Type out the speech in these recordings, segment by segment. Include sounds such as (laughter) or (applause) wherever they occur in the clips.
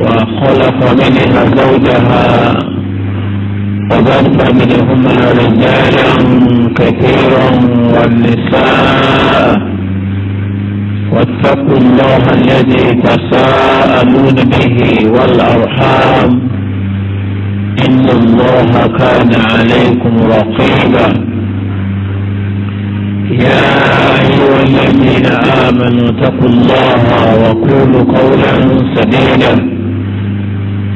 وخلق منها زوجها وبث منهما رجالا كثيرا والنساء واتقوا الله الذي تساءلون به والأرحام إن الله كان عليكم رقيبا يا أيها الذين آمنوا اتقوا الله وقولوا قولا سديدا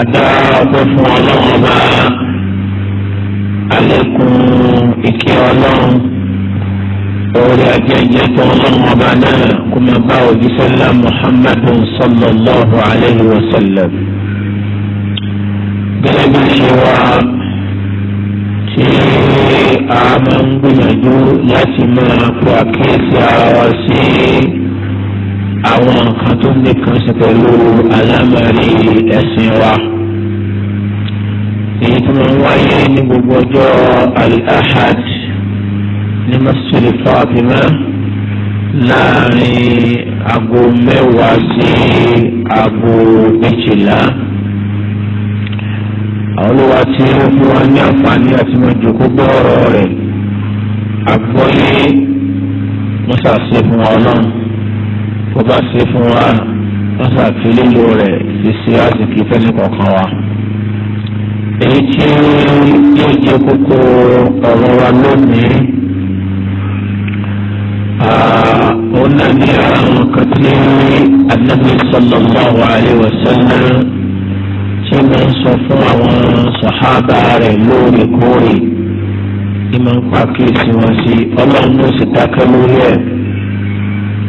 adáwọ̀ fún ọlọ́run bá alẹ́kùn ìkẹ́ ọlọ́run orí ajẹ́jẹ́ tó ọlọ́run ọba náà kó máa bá òjíṣẹ́ ńlá muhammadu sallallahu alayhi wa sallam. gẹ́gẹ́ bí ṣe wá tí a máa ń gbìyànjú láti máa fọ àkíyèsí ara wa sí i àwọn nǹkan tó nìkan ṣe pẹ̀lú alámọ̀rí ẹ̀sìn wa. èyí tó máa ń wáyé ní gbogbo ọjọ́ al-ahad ní masjid fatima láàrin aago mẹ́wàá sí aago méjìlá. àwọn olówó tí ó wa ní àǹfààní àti mọ̀jòkó gbọ́ ọ̀rọ̀ rẹ̀ àgbọ́yé mọ́sàsí fún wa kó bá ṣe fún wa lọ́sà tí lílo rẹ̀ ti ṣe àsìkí fẹ́ni kọ̀ọ̀kan wa. èyí tí yóò jẹ́ kókó ọ̀rọ̀ wa lónìí òun náà ní àwọn kan tí Ànábì sallallahu alaihi wasallam tí wọ́n sọ fún àwọn sàhábà rẹ̀ lóòrèkóòrè ìmọ̀ ń pàkíyèsí wọn sí ọlọ́run ló sì dákẹ́ lórí ẹ̀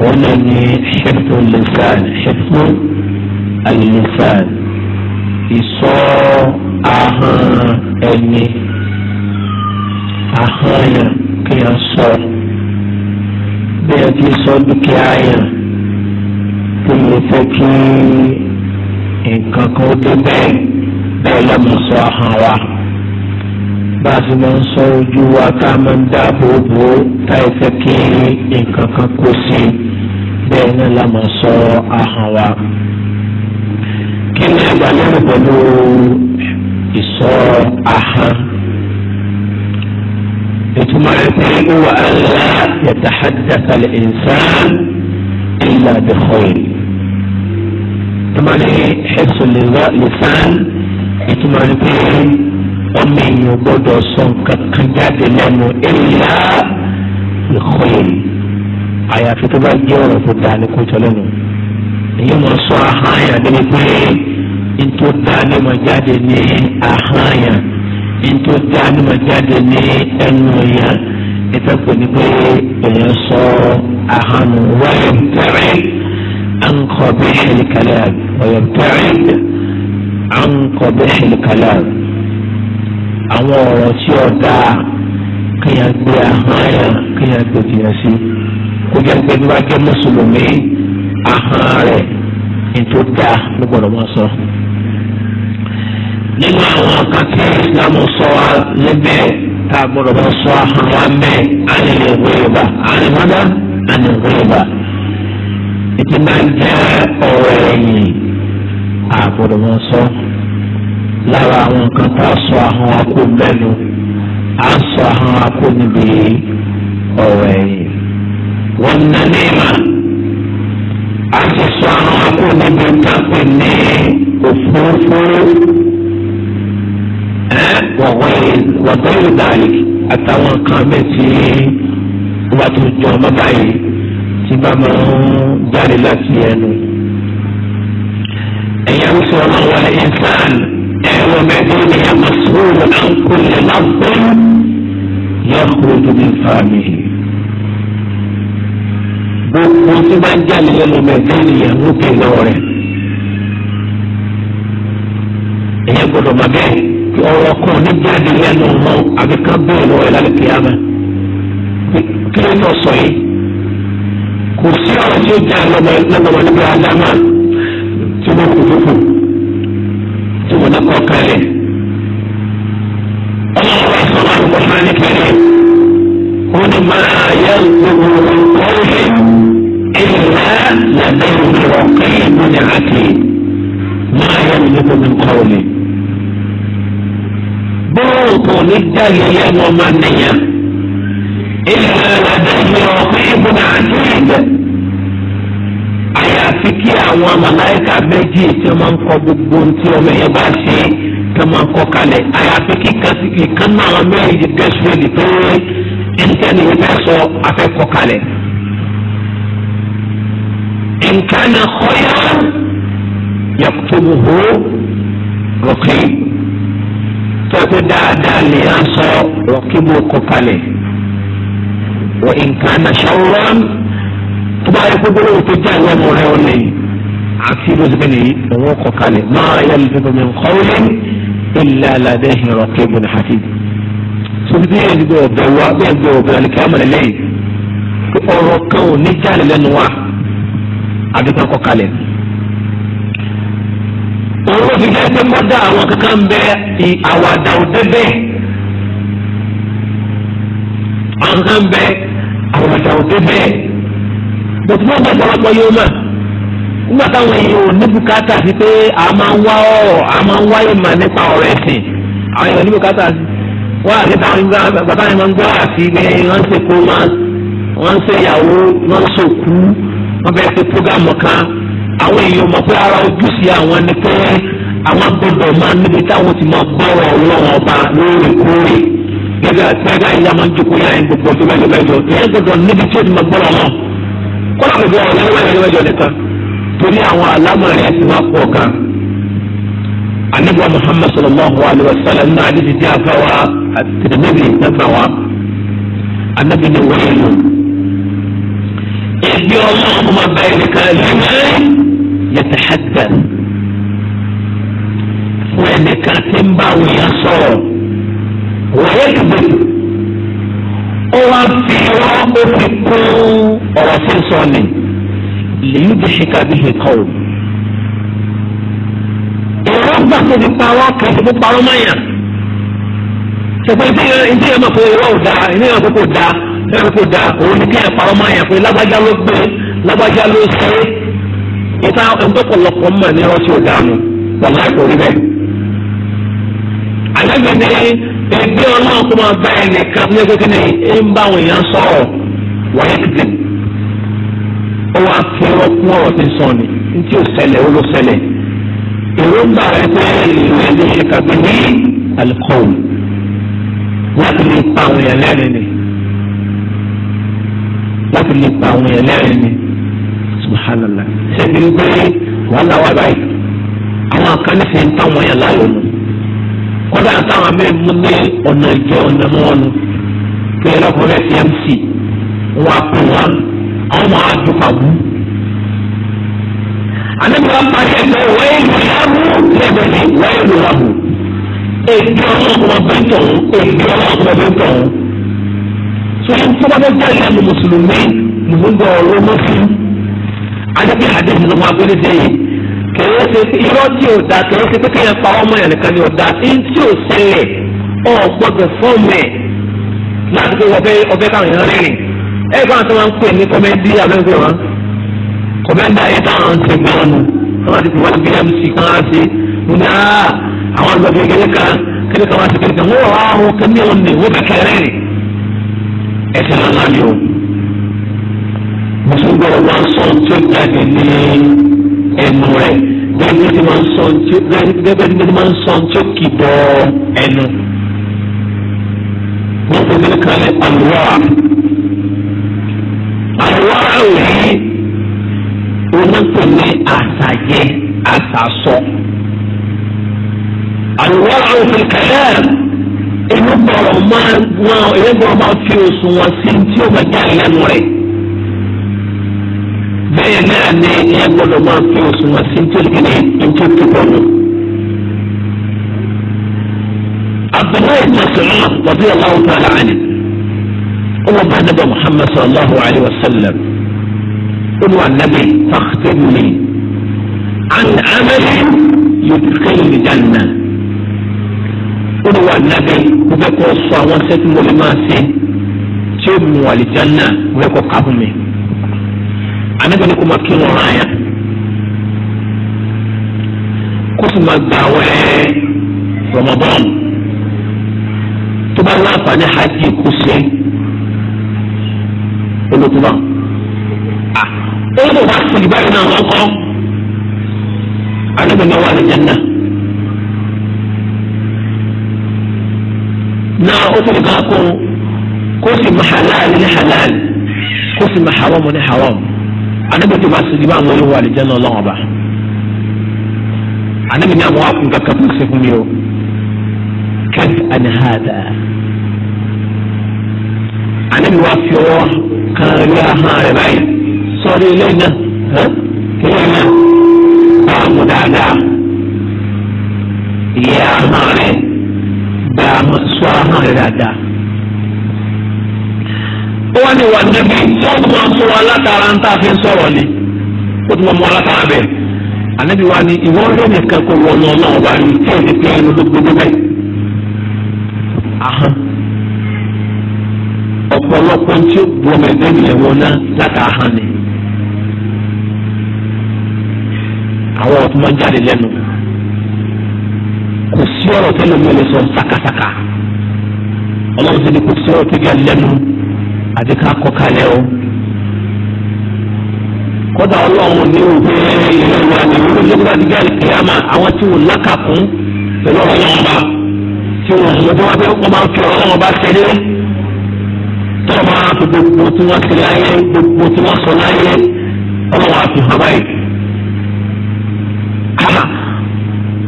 òun náà ní ṣètò lẹ́sàn ṣètò àlẹ́sàn ìsọ ahọ́n ẹni ahọ́n yẹn kí yẹn sọ bẹ́ẹ̀ kí sọ dúkìá yẹn kí yẹn fẹ́ kí nǹkan kan ó dé bẹ́ẹ̀ bẹ́ẹ̀ lọ́mọ sọ ahọ́n wa. bá a ti máa ń sọ ojú wa ká máa ń dáàbò bò ó táì fẹ́ kí nǹkan kan kó sí i bẹ́ẹ̀ náà la máa sọ ahọ́n wa. kí ni a máa lérò pẹ̀lú ìsọ ahọ́n? ìtumọ̀ rẹ̀ pé ó wà á la yatahaddatha al-insan illa bi khair. tọ́mọ̀ ní ẹ̀sùn lè wá lè sàn ìtumọ̀ rẹ̀ pé. ọmọ èèyàn gbọ́dọ̀ sọ nǹkan kan jáde lẹ́nu ìlà ìkọ́ yìí àyàfi tó bá jẹ́ ọ̀rọ̀ tó dáa ní kójọ lẹ́nu èyí mọ̀ sọ ahányà débi pé ntó dáa ní mọ̀ jáde ní ahányà ntó dáa ní mọ̀ jáde ní ẹnu ìyà ìtàkùn ní pé èèyàn sọ ahánu wáyé tẹ̀rẹ̀ ànkọ́ bẹ́ẹ̀ ṣẹlẹ̀ kálẹ̀ wáyé tẹ̀rẹ̀ ànkọ́ bẹ́ẹ̀ ṣẹlẹ̀ kálẹ̀ àwọn ọ̀rọ̀ tí ó dáa kéèyàn gbé ahọ́n àyàn kéèyàn gbé jìnnà sí kó jẹ́ pé bí wàá jẹ́ mùsùlùmí ahọ́n rẹ̀ ní tó dáa ló gbọ́dọ̀ máa sọ. nínú àwọn kan tí Islam sọ wa lẹ́bẹ̀ tá a gbọ́dọ̀ máa sọ ahọ́n wa mẹ́ àlejò ìwéyìnbá àlejò àlejò ìwéyìnbá ètò máa ń jẹ́ ọ̀rọ̀ ẹ̀yìn a gbọ́dọ̀ sọ lára àwọn nǹkan tá a sọ ahọ́n wa kó mẹ́nu a sọ ahọ́n wa kó níbi ọ̀rọ̀ ẹ̀yìn. wọ́n na níma a sì sọ ahọ́n wa kó níbi ìtàkùn ní òfurufú wọ̀gbọ́n yóò dàrí àtàwọn nǹkan mẹ́ tí wọ́n tó jọ ọmọ báyìí tí bá máa ń jáde láti ẹnu. ẹ̀yà ń sọ ọlọ́wọ́ ẹ̀ ń sáà وبنيه مسؤول عن كل لفظ يخرج من فمه gbogbo tí bá ń jáde lẹ́nu mẹ́ta ènìyàn ló pè lọ rẹ̀ èyàn gbọ́dọ̀ bá bẹ́ẹ̀ kí ọ̀rọ̀ kan ní jáde lẹ́nu ọmọ àbí kan bẹ́ẹ̀ lọ rẹ̀ lálẹ́ kìámẹ́ kí ló ń sọ yìí kò sí ọ̀rọ̀ tí ó já lọ́mọ nígbà ádámà tí wọ́n kò tó fún oníkọ̀ọ́kẹ́lẹ̀ ọlọ́run bá sọ̀rọ̀ àwọn ọmọ ní kẹlẹ̀ ó ní máa yẹ gbogbo ọ̀rẹ́ ìlà lẹ́dẹ̀ ìrọ̀ kẹ́yìn lónìí àti máa yẹ gbogbo ọ̀rẹ́. bóòtù ní jáde lẹ́nu ọmọ nìyẹn ìlà lẹ́dẹ̀ ìrọ̀ kẹ́yìn lónìí àti àyàfi kí àwọn màláìka méjì tí wọ́n máa ń kọ gbogbo tí ọmọ yẹn bá ṣe tí wọ́n máa ń kọ kalẹ̀ àyàfi kí kásìkì kan náà àwọn mẹ́rin ti tẹ̀síwèé tó ń rẹ́ ẹnikẹ́ni yìí fẹ́ sọ afẹ́kọ kalẹ̀. nǹkan ọ̀yà yàtọ̀bùhó rọ̀kì tọ́jú dáadáa lè yàn sọ rọ̀kì bó kọ kalẹ̀ wọ nǹkan ṣọ́wọ́n tó bá yẹ kó gbólóhùn tó já lẹ́nu rẹ̀ ó ní àti bó ti bẹ́ẹ̀ nìyí òun ọkọ̀ kalẹ̀ máa yẹ lóṣù tó mi ń kọ́ wọlé ilé aládé ìrọ̀ kébù ní àti. sọ́dún bí yẹn gbé ọ̀bẹ wá bí yẹn gbé ọ̀bẹ alẹ́ kẹ́mẹ́rẹ́ lẹ́yìn ọ̀rọ̀ kan ò ní já lẹ́nu wa àdúgbò ọkọ̀ kalẹ̀ òun fi jẹ́ pé mọ́dà àwọn kankan ń àwàdà òde bẹ́ẹ̀ àwọn kankan ń àwàdà òde bẹ́ẹ̀. bọ̀tú wọn bẹ pọ̀lọpọ̀ yóò mọ̀ nígbà táwọn èèyàn ò ní bùkátà sí pé a máa ń wá a máa ń wáyé mà nípa ọ̀rọ̀ ẹ̀sìn àwọn èèyàn ní bùkátà sí wọ́n àti táwọn bàbá yẹn máa ń gbọ́ àti wọ́n ń wọ́n ń ìyàwó ara ojúṣe àwọn ni pé àwọn gbọdọ̀ máa níbi ti máa gbọ́rọ̀ ọlọ́run ọba lóòrèkóòrè gẹ́gẹ́ àti máa kọ́lá gbogbo ọ̀rọ̀ lẹ́wọ̀n ìdíwájọ nìkan torí àwọn alámọ̀rẹ́ ti máa pọ̀ kan. anabiwa muhammad sallallahu alaihi wa sallam náà adidi ti afawa tìrìmẹ́bì nafawa anabi ni wọ́ọ̀lù. ìdí ọlọ́run máa bá ẹnì kan lẹ́mẹ́rẹ́ yàtọ̀ ṣàtìkà fún ẹnì tí ń bá àwọn èèyàn sọ̀rọ̀ wọ́ọ̀lù ó wá fi wá ó fi kún ọ̀rọ̀ tí ń sọ ni lèyí bí ṣe kábí ṣe kọ́ o. ìrọ̀ gbà tó fi parọ́ kìí fi parọ́ mọ́yà. ṣùgbọ́n ìdí ìdí ẹ̀ máa kó irọ́ ò dáa ìdí ẹ̀ máa kó da ìdí ẹ̀ da òun ni kí ẹ̀ parọ́ mọ́yà pé lágbájá ló gbé lágbájá ló ṣe é. ìta ẹ̀ńtọ́pọ̀lọpọ̀ mọ̀ ní ọ̀ṣọ́ ìdánù wàlá ìkórìbẹ̀. àlẹ́ mi ní ẹgbẹ́ ọlọ́run kó máa bá ẹnìkan ní ẹgbẹ́ kíni ẹ ń bá àwọn èèyàn sọ̀rọ̀ wáyé kìtì ó wá fi ọ̀rọ̀ kún ọ̀rọ̀ tí ń sọ ni ntí ò ṣẹlẹ̀ ó ló rẹ pé ẹni ṣe kàgbé ní láti lè pa àwọn èèyàn lẹ́rìn ni láti lè pa àwọn èèyàn lẹ́rìn ni subhanallah gbé wàhálà wà báyìí àwọn ń láyọ̀ kódà táwọn mẹ́rin mú ní ọ̀nà ìjọ ọ̀nà mọ́ọ̀nù pé lọ́kùnrin fi mc wọn pè wọn àwọn máa dùkà wú. àlejò apáyé ẹgbẹ́ wẹ́ẹ́ ìlú yàrá lẹ́gbẹ̀ẹ́ ní wẹ́ẹ́ ìlú yàrá èdè ọlọ́mọ bẹ tọ̀hún èdè ọlọ́mọ bẹ tọ̀hún. sọ yẹn tó bá bẹ jẹ́ ìyá mi mùsùlùmí mùsùlùmí ọ̀rọ̀ mọ́sí. adébíyà adébíyà ló máa gbé kìí ṣe irọ́ tí ò da kìí ṣe pé kéèyàn pa ọmọ yẹn nìkan ni ò da ní tí ò ṣe rẹ̀ ọ̀ fọ́ọ̀mù ẹ̀ láti pé ọbẹ̀ ọbẹ̀ káwọn èèyàn rìnrìn ẹ̀ bá wọn ń pè ní kọ́mẹ́ndì abẹ́gbẹ́ wọn kọ́mẹ́ndà táwọn nù ti bmc kan á ṣe mo ní àá àwọn àgbàdo kékeré kan kékeré kan wá sí kékeré wọ́n wá ní ti máa ń sọ ntí gẹ́gẹ́ bí ti máa ń sọ ntí ó kì bọ́ ẹnu. wọ́n fi ní kalẹ̀ àlùwà àlùwà òyìn onípò ní àṣàjẹ àṣàsọ. àlùwà òfin kẹlẹ́ inú bọ̀rọ̀ máa ń wọ́n inú bọ̀rọ̀ máa fi òṣùwọ̀n sí ntí ó bá jáde lẹ́nu rẹ̀ bẹ́ẹ̀ náà ni ẹ gbọ́dọ̀ máa fi òṣùwọ̀n sí nítorí kíni ètò ìtòkọ̀ nù. abdullahi ibn salam rabi allahu ta'ala ani ọmọ bá nàbà muhammad sallallahu alayhi wa sallam ọmọ anabi fakhtimni an amali yudkhilni janna ọmọ anabi mo fẹ́ kọ́ sọ àwọn sẹ́tìmọ́lì máa ṣe tí ó mú àlìjáná mo fẹ́ kọ́ kábùmí ànábì ní kó máa kírun ọ̀ràn àyàn kó sì máa gbà wẹ́ Ramadan tó bá láǹfààní hajj kó ṣe olókùnbá ó lè wá sí ìbáyìí náà wọ́n kọ́ ànábì náà wà ní Janna. náà ó fi nǹkan kó kó sì máa halal ní halal kó sì máa haram anabi tó bá sèdí bá àwọn olówó àlejò náà lọ́wọ́ bá anabi ní àwọn akun kankan tó ṣe fún mi o kat ani hada anabi wá fi ọwọ́ kan rí ahọ́n rẹ̀ báyìí sọ́ọ́rí ilé náà kéèyàn náà bá a dáadáa ìyá ahọ́n rẹ̀ bá a mú sọ́ ahọ́n dáadáa ó wá ní ìwà nẹ́bí wọ́n tún máa fún wa látara ń tà fi sọ̀rọ̀ ni ó tún máa mú wa látara bẹ́ẹ̀ ànábì wa ni ìwọ lónìí kan kó wọnú ọlọ́run wa rí tí èdè pé ẹnu tó gbogbo bẹ́ẹ̀. ahọ́n ọ̀pọ̀lọpọ̀ tí ó bu ọmọ ẹgbẹ́ nìyẹn wọn náà látara hàn ni. àwọn ọ̀tún máa ń jáde lẹ́nu kò sí ọ̀rọ̀ tẹ́lẹ̀ mi lè sọ sákàsákà ọlọ́run ti ní kò sí ọ̀rọ̀ tẹ́lẹ̀ lẹ́nu àti ká kọ́ kalẹ̀ o kódà ọlọ́run ní òwe ìlú àdìgbò nígbà nígbà ìkìyàmà àwọn tí wọ́n lákàkún pẹ̀lú ọ̀rọ̀ ọba tí wọ́n mú bí wọ́n bẹ́ wọ́n máa fi ọ̀rọ̀ ọba ṣẹlẹ̀ tó máa fi gbogbo tí wọ́n ṣe láyé gbogbo tí wọ́n sọ láyé ọlọ́run àfi hàn báyìí.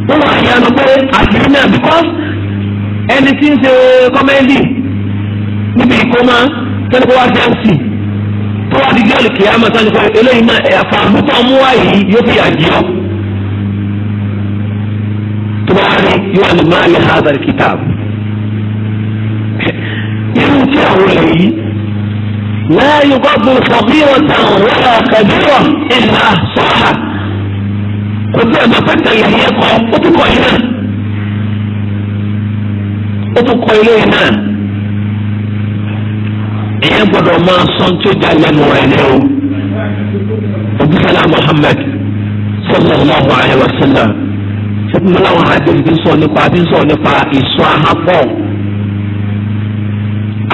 wọ́n máa yà lọ pé àṣírí náà bíkọ́ ẹni tí ń ṣe kọ́mẹ́ndì níbi ìkómá kẹ́ni kó wá sí àǹtí tó wá di gẹ́lì kìyàmà sáni kó eléyìí náà ẹ̀fà àbútọ̀ mú wá yìí yóò fi yà jí ọ. tó bá wá yóò lè máa yẹ hazard kitab. irú tí àwọn èyí láàyè gbọ́dọ̀ sọ̀bí wọn tàn wọ́n àkàdé wọn ìlà sọ́ha kò tí ẹ̀ bá fẹ́ tẹ̀lé ẹ̀yẹ kọ́ ó tún kọ́ ilé náà ó tún kọ́ ilé náà ẹ gbọ́dọ̀ máa sọ tó jà lẹ́nu rẹ̀ ni o òbísàlá Muhammad sallallahu alayhi wa sallam sẹ́kùnmọ́ làwọn hadith bí sọ nípa bí sọ nípa ìsọ ahapọ̀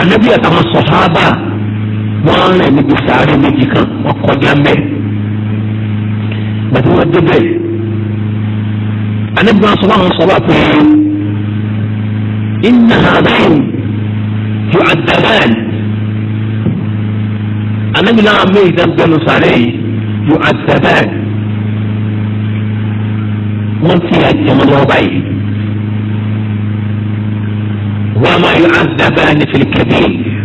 anabi àtàwọn sọ̀hábà wọ́n rẹ̀ níbi sàárẹ̀ méjì kan wọ́n kọjá mẹ́ bàtí wọ́n débẹ̀ anabi wọn sọ wọn sọ wọn pé inna hadain yu'adaban. لا ميت الجلوس عليه يعذبان من في من وبعيد وما يعذبان في الكبير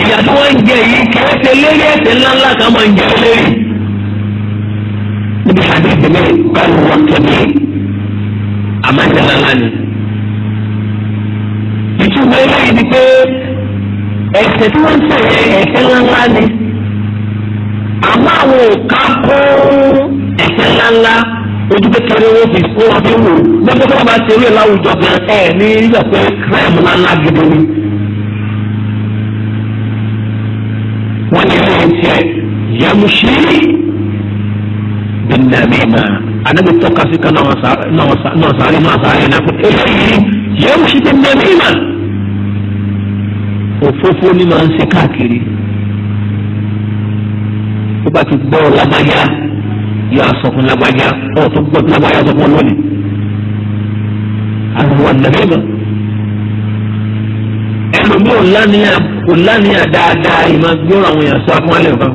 يا دوان جاي كيف الليل يتلى الله كمان جاي الليل نبي حبيب مين قال هو الكبير أما جلالاني يتوب الليل بكير ẹ̀ṣẹ̀ tí wọ́n ń ṣe ẹ̀ṣẹ̀ ńláńlá ni àmọ́ àwọn òkà kún ẹ̀ṣẹ̀ ńláńlá ojú kékeré wọn fi fún wọn fi wò lọ́jọ́ tó wọn bá ṣe eré láwùjọ gan ẹ̀ ní yíyà pé kírẹ́ẹ̀mù ńláńlá gidi ni. wọ́n ní ẹ̀rọ ẹ̀ṣẹ̀ yamusi bìnnàmìnà anabi tọ́ka sí kan náà sáré náà sáré náà pé eléyìí yamusi bìnnàmìnà òfófó ni máa ń ṣe káàkiri tó bá ti gbọ́ lágbájá yóò asọ̀kun lágbájá ọ̀ tó gbọ́ lágbájá tó pọ̀ lónìí àwọn nàbẹ́ mọ́ ẹlòmíì ò lánìyà dáadáa ìmọ̀ gbóòrò àwọn èèyàn sọ àpọ́nlé nǹkan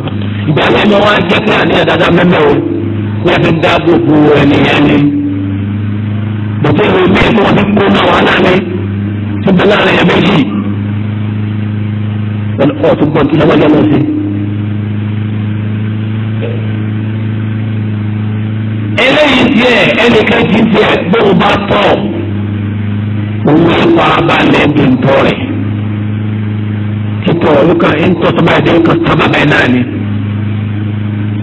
ìgbà yẹn mọ́ wá jẹ́ pé àníyàn dáadáa mẹ́mẹ́ o wọ́n ti dáàbò bo ẹnìyẹn ni bọ̀dé ìwé mi ni wọ́n ti gbóná wàhálà mi tó bẹ́ láàrin ẹ̀ méjì ọ̀tún gbọ́n kí lọ́wọ́ yẹn lọ sí. eléyìí díẹ̀ ẹnìkan kì í díẹ̀ gbóhùn bá tọ̀ òun ẹ̀fọ́ abalẹ̀ bí n tọ́ rẹ̀ títọ̀ òun kan ń tọ́ sọ́ba ẹ̀dẹ́ kan sábà bẹ́ẹ̀ náà ni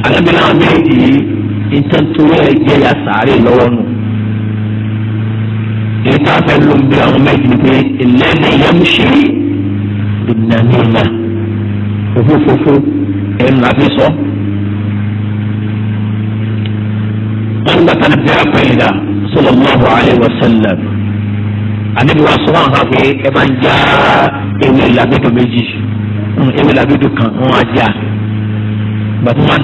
alábìlà àmì yìí nǹkan tó yẹ jẹ́ ya sàárè lọ́wọ́ nù èyí tá a fẹ́ lóun bí àwọn méjì pé ìlẹ́nu yẹn ń ṣe é nàmílà òfó fòfó ẹnu àfi sọ. wọ́n gbà tán bí apẹ̀yìnà sallallahu alaihi wasallam àníbi wa sọ wọn kan pé ẹ máa ń já ewé làbídò méjì ewé làbídò kan wọn á já gbàtú wọn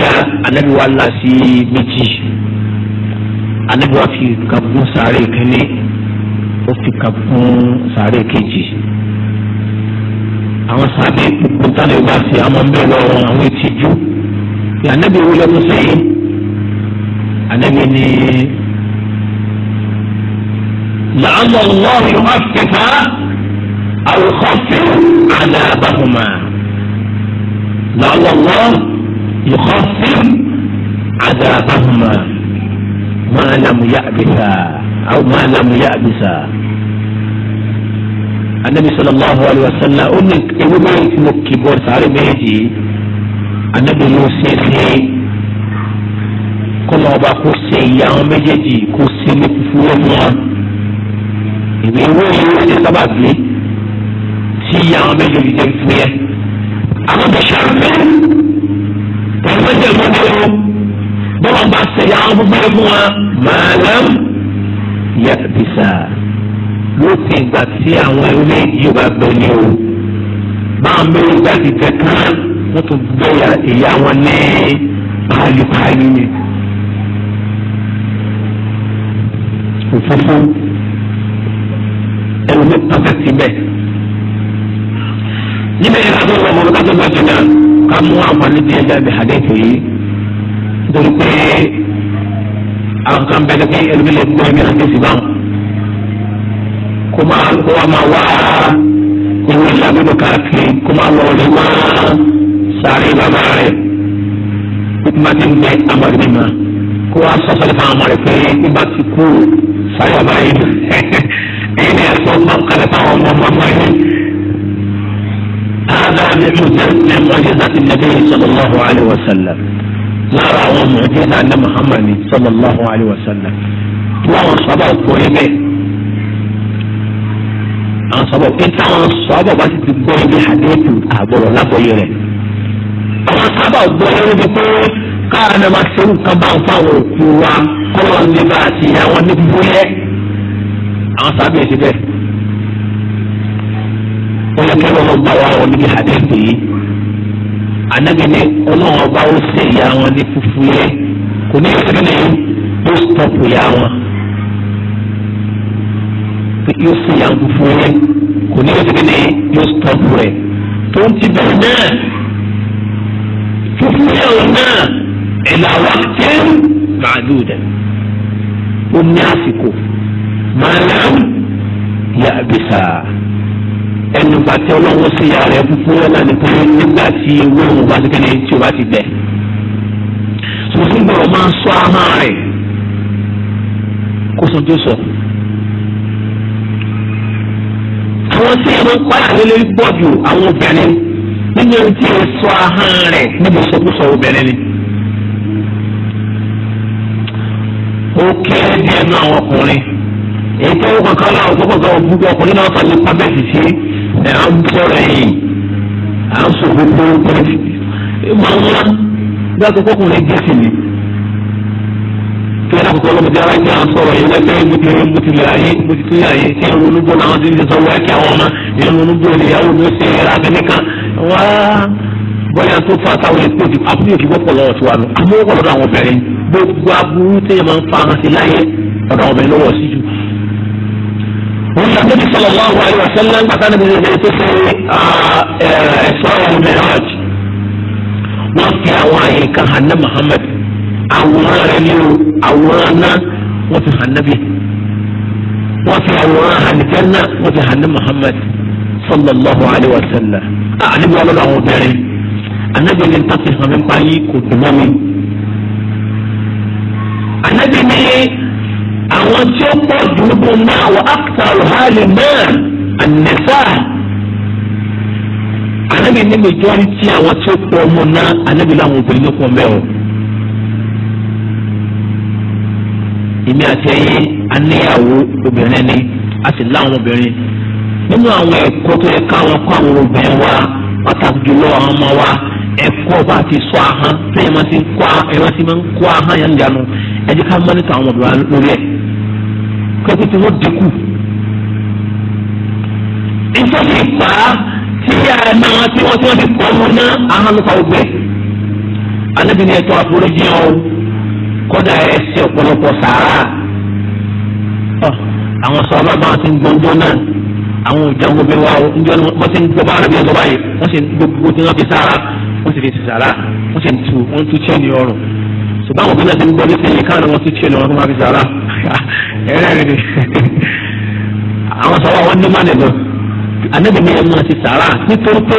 já àníbi wa là sí méjì àníbi wa fi kàbùkù sàárè kínní ó fi kàbùkù sàárè kejì àwọn sábẹ gbogbo tánà ìwà sí àwọn ń bẹ lọ́rùn àwọn ìtìjú ní anabi wo lẹnu sẹ́yìn anabi ni làánà lọ́ọ̀rì wá fìfà àwòkọ́fẹ́ àdàbàhùmá làánà lọ́ọ̀rì yòkọ́fẹ́ àdàbàhùmá máa làmúyà àbísà àwọn anabi sallallahu alayhi wa sallam ó ní ewu báyìí tí mo kì bọ́ sáré méjì anabi ló ṣe é ṣe kọ́nà ọba kó ṣe ìyá àwọn méjèèjì kó ṣe ní fúfúrú fún wa ìwé ewu yìí ó ṣe sábà gbé tí ìyá àwọn méjèèjì jẹ́ fún yẹn. àwọn bẹ̀ ṣàrùfẹ́ pẹ̀lú ẹ̀jẹ̀ lọ́dọ̀ bọ́lá bá ṣe ìyá àwọn fúfúrú fún wa màálàm yẹ bìsà lópin ìgbà tí àwọn ilé yìí bá bẹ ní o báwọn méjì bá ti tẹ kán wọn tún bẹyà ìyá wọn ní pálípálí ni. òfófó ẹnu ní pàtàkì bẹ́ẹ̀ níbẹ̀ yẹn láti wọ́n mọ́tò káfíń bá jẹ̀dá ká mú àǹfààní tí ẹ jáde àdéhùn yìí nítorí pé àwọn kan bẹ́ẹ̀ ni pé ẹnu mi lè gbọ́ ẹ̀mí àti ìsìnkú àwọn kó máa kó wa máa wá owó ìlànà káàkiri kó máa lọ rí wá sáré bàbá rẹ̀ ìgbà tí ń bẹ amadu mi ma kó wa sọ sọ́dọ̀ fún amadu pé ìgbà tí kú sáré bàbá yìí ẹ̀yìn ni ẹ̀fọ́ máa kálẹ̀ fún àwọn ọmọ ọmọ yìí. هذا من معجزات النبي صلى الله عليه وسلم lára àwọn mọ̀ọ́dé náà ní muhammad sallallahu alayhi wa sallam láwọn sábà kò rí bẹ́ẹ̀ àwọn sọ́bọ̀ pé táwọn sọ́bọ̀ bá ti ti gbọ́ ibi àdéhùn àgbọ̀rọ̀ lápòye rẹ̀. àwọn sábà gbọ́ ẹrú bíi pé káwọn ẹ̀ máa ṣe nǹkan bá ń fáwọn òkú wa kọ́lọ́ ní bá a ti àwọn níbi bóyẹ́. àwọn sábà èsì bẹ́ẹ̀. wọ́n yẹ kí wọ́n gbà wá wọn níbi àdéhùn yìí. ànábi ní ọlọ́run ọba ó ṣe ìyá wọn ní fúfú yẹ kò ní ìfẹ́ yóò sì yàgò fún rẹ kò ní lọ́sẹ̀ ní yóò stọ́pù rẹ tó ń ti bẹ̀rẹ̀ náà fífún yà wọn náà ẹ̀là wà jẹ́ màálù dẹ̀ ó ní àsìkò màálù yà bìsà ẹnu bàtẹ ọlọ́wọ́ sí yàrá ẹ̀ fúnfún yà náà nípa nígbà tí ewé òun bá ti kéde tí o bá ti bẹ̀ sọ fún gbọ́dọ̀ máa ń sọ àmà rẹ̀ kó sọ tó sọ. àwọn tí ẹnu pààyà nílé pọ̀ jù àwọn obìnrin nínú ohun tí ẹ sọ ahọ́n rẹ̀ níbi ìsọkúsọ obìnrin ni. ó kéré díẹ̀ nú àwọn ọkùnrin èyí tó ń kankan láwọn tó kankan wọn gbogbo ọkùnrin náà fàlẹ́ pábẹ́ẹ̀tì sí ẹ̀ à ń sọ̀rọ̀ ẹ̀yìn à ń gbogbo ọkùnrin. ìmọ̀ a ni. kí wọ́n kọ́kọ́ lọ́mọdé ara ní àsọ̀rọ̀ yìí lẹ́gbẹ́ mutile mutile ayé mutile ayé tí ẹ̀rọ olúgbò làwọn ti ń sọ wá kí àwọn ọmọ ẹ̀rọ olúgbò ìyàwó mi ó sì ra abẹ́lé kan wá bóyá tó fa táwọn ètò ìdìbò àbúrò ìdìbò pọ̀ lọ́wọ́ tiwa nù àmọ́ wọ́n lọ́dọ̀ àwọn obìnrin gbogbo aburú téèyàn máa ń fa hàn sí láyé ọ̀dọ̀ àwọn obìnrin lọ́wọ́ sí jù. wọ́n yà débi sọ̀rọ̀ wọn àwọn àyè ọ̀sẹ̀ ńlá gbàtà níbi ìrìn tó fi ẹ̀sọ́ àwọn obìnrin hajj wọ́n fi àwọn àyè kan hàn ní Muhammad àwòrán rẹ̀ ni o àwòrán náà wọ́n ti hàn nábì wọ́n ti àwòrán àlìjẹ́ náà wọ́n ti hàn ní Muhammad sallallahu alayhi ah, wa sallam àníbi wọn lọ́dọ̀ àwọn obìnrin ànábì ní nǹkan ti hàn mí pa yí kò dùn mọ́ mi ànábì ní àwọn tí ó pọ̀ jù lóko náà wà ákàtàrò hàlì náà ànẹ́fà ànábì ní majority àwọn tí ó pọ̀ ọmọ náà ànábì láwọn obìnrin ló pọ̀ mẹ́wọ̀n. èmi àti ẹ̀yin aníyàwó obìnrin ni a sì láwọn obìnrin nínú àwọn ẹ̀kọ́ tó yẹ káwọn kọ́ àwọn obìnrin wa pàtàkì jùlọ wa ẹ̀kọ́ bá ti sọ ahọ́n sẹ́yìn máa ti ń kọ́ ẹ̀rọ ti máa ń kọ́ ahọ́n yẹn dànù ẹ jẹ́ ká mọ́nítà àwọn obìnrin lórí ẹ̀ kókó tí wọ́n dínkù. ìfọ́ ti pa á tí yàrá tí wọ́n ti kódà ẹ ṣe ọ̀pọ̀lọpọ̀ sàárà àwọn sọ ọlọ́gbà wọn ti ń gbọ́njọ́ náà àwọn ìjàngbò bí wa ó njọ́ wọn ti ń gbọ́ bára bí ọjọ́ báyìí wọ́n sì ń gbogbo tí wọ́n fi sàárà wọ́n sì fi ti sàárà wọ́n sì ń tu wọ́n ń tu tiẹ̀ ní ọrùn ṣùgbọ́n àwọn òbí náà ti ń gbọ́ ní sẹ́yìn káàdì wọn ti tiẹ̀ ní ọrùn tó máa fi sàárà (laughs) ẹ̀rẹ́rẹ́rẹ́ (laughs) àwọn sọ wọn ní mánìlú anábìyẹn máa ti sàárà nítorí pé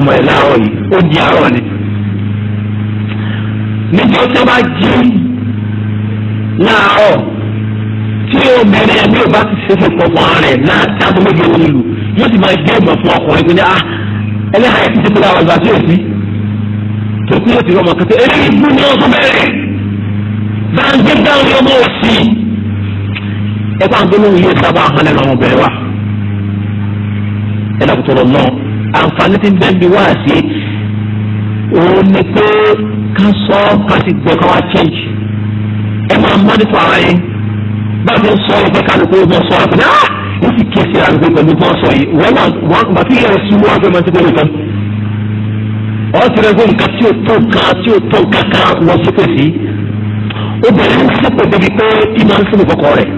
ọmọ ẹ̀ láàárọ̀ yìí ó di àárọ̀ ni. níjọ́ tó bá jí láàárọ̀ tí obìnrin ẹ̀mí ò bá ti ṣe fún ọkọ rẹ̀ náà dábò méje wọn lù yóò sì máa fún ọkùnrin pé ah ti ṣe pé láwọn ìgbà tí sí. yóò ti rọmọ kẹtẹ ni wọn bẹ̀rẹ̀ bá ń gbé dáhùn ẹ bá ń gbé lóhùn wa àǹfààní tí ń bẹ́ẹ̀ bí wá sí òun ni pé ká sọ ká sì gbọ́ ká wá change ẹ máa mọ́nítọ̀ ara yín bá a ti ń sọ ìfẹ́ kálukú ah! ó bọ́ sọ ọ́ ah yóò sì kíyèsí ara rẹ̀ pẹ̀lú bọ́ sọ yìí wọ́n náà wọ́n bá tí yẹn sún wọ́n fẹ́ máa ti gbẹ́rù kan ọ́ ti rẹ̀ gbọ́ nǹkan tí ò tó nǹkan tí ò tó nǹkan kan lọ sí obìnrin ń sèpè débi pé ìmọ̀ ń sèpè kọ́kọ́ rẹ̀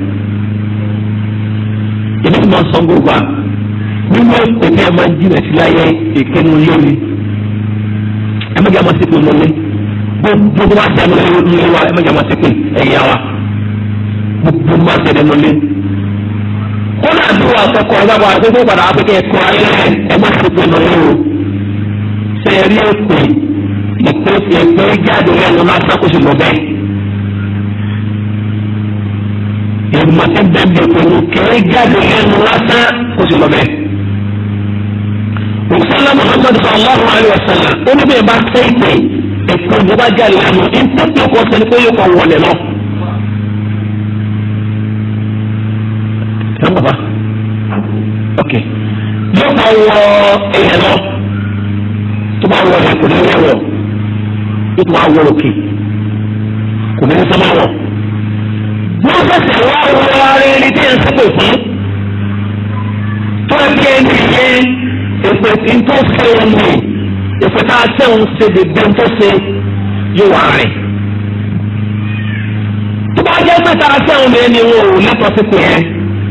ìdí ìmọ̀ sọ́ngbó gbà nínú ètò tí a máa ń jìnà sí láyé ìkẹnu lórí ẹ má jẹ́ àwọn sèpè lọ́lẹ́ gbogbo wa sẹ́nu lórí wa ẹ má jẹ́ àwọn sèpè ẹ̀yà wa gbogbo wa sẹ́nu lọ́lẹ́ kọ́nà àti wà kọ́kọ́ ẹ bá wà gbogbo padà wà pé ẹ̀kọ́ ayé ẹ má sèpè lọ́lẹ́ o sẹ́ẹ̀rí èpè ìpè ìpè jáde rẹ̀ lọ́la sákòsì lọ́bẹ̀ ìmọ̀tẹ́bẹ̀bẹ̀ pẹ̀lú kẹ́ẹ́ jáde rẹ̀ lọ́la sákòsì lọ́bẹ̀ muhammadu sallallahu alayhi wa sallam ó ní bẹ́ẹ̀ bá tẹ́tẹ́ ẹ̀kọ́ ìjọba jáde lánàá ìtọ́jú ọkọ̀ sẹ́ni pé yóò kọ́ wọlé lọ. ẹ̀ ń bàbá ok yóò kọ́ wọ ẹ̀yẹ lọ tó bá wọ ẹ̀kọ́ ní ẹ̀yẹ wọ yóò tó bá wọ òkè kò ní sábà wọ. wọ́n fẹsẹ̀ wá wọ ara ẹni tí ẹ̀ ń sẹ́kọ̀ọ́ fún. pé ntọ́ ṣe ń lè èpè tá a ṣe ń ṣe dèbè ntọ́ ṣe yóò wá rìn. tó bá jẹ́ pé tá a ṣe ń lè ni wọn ò lẹ́tọ̀ọ́ sí pé ẹ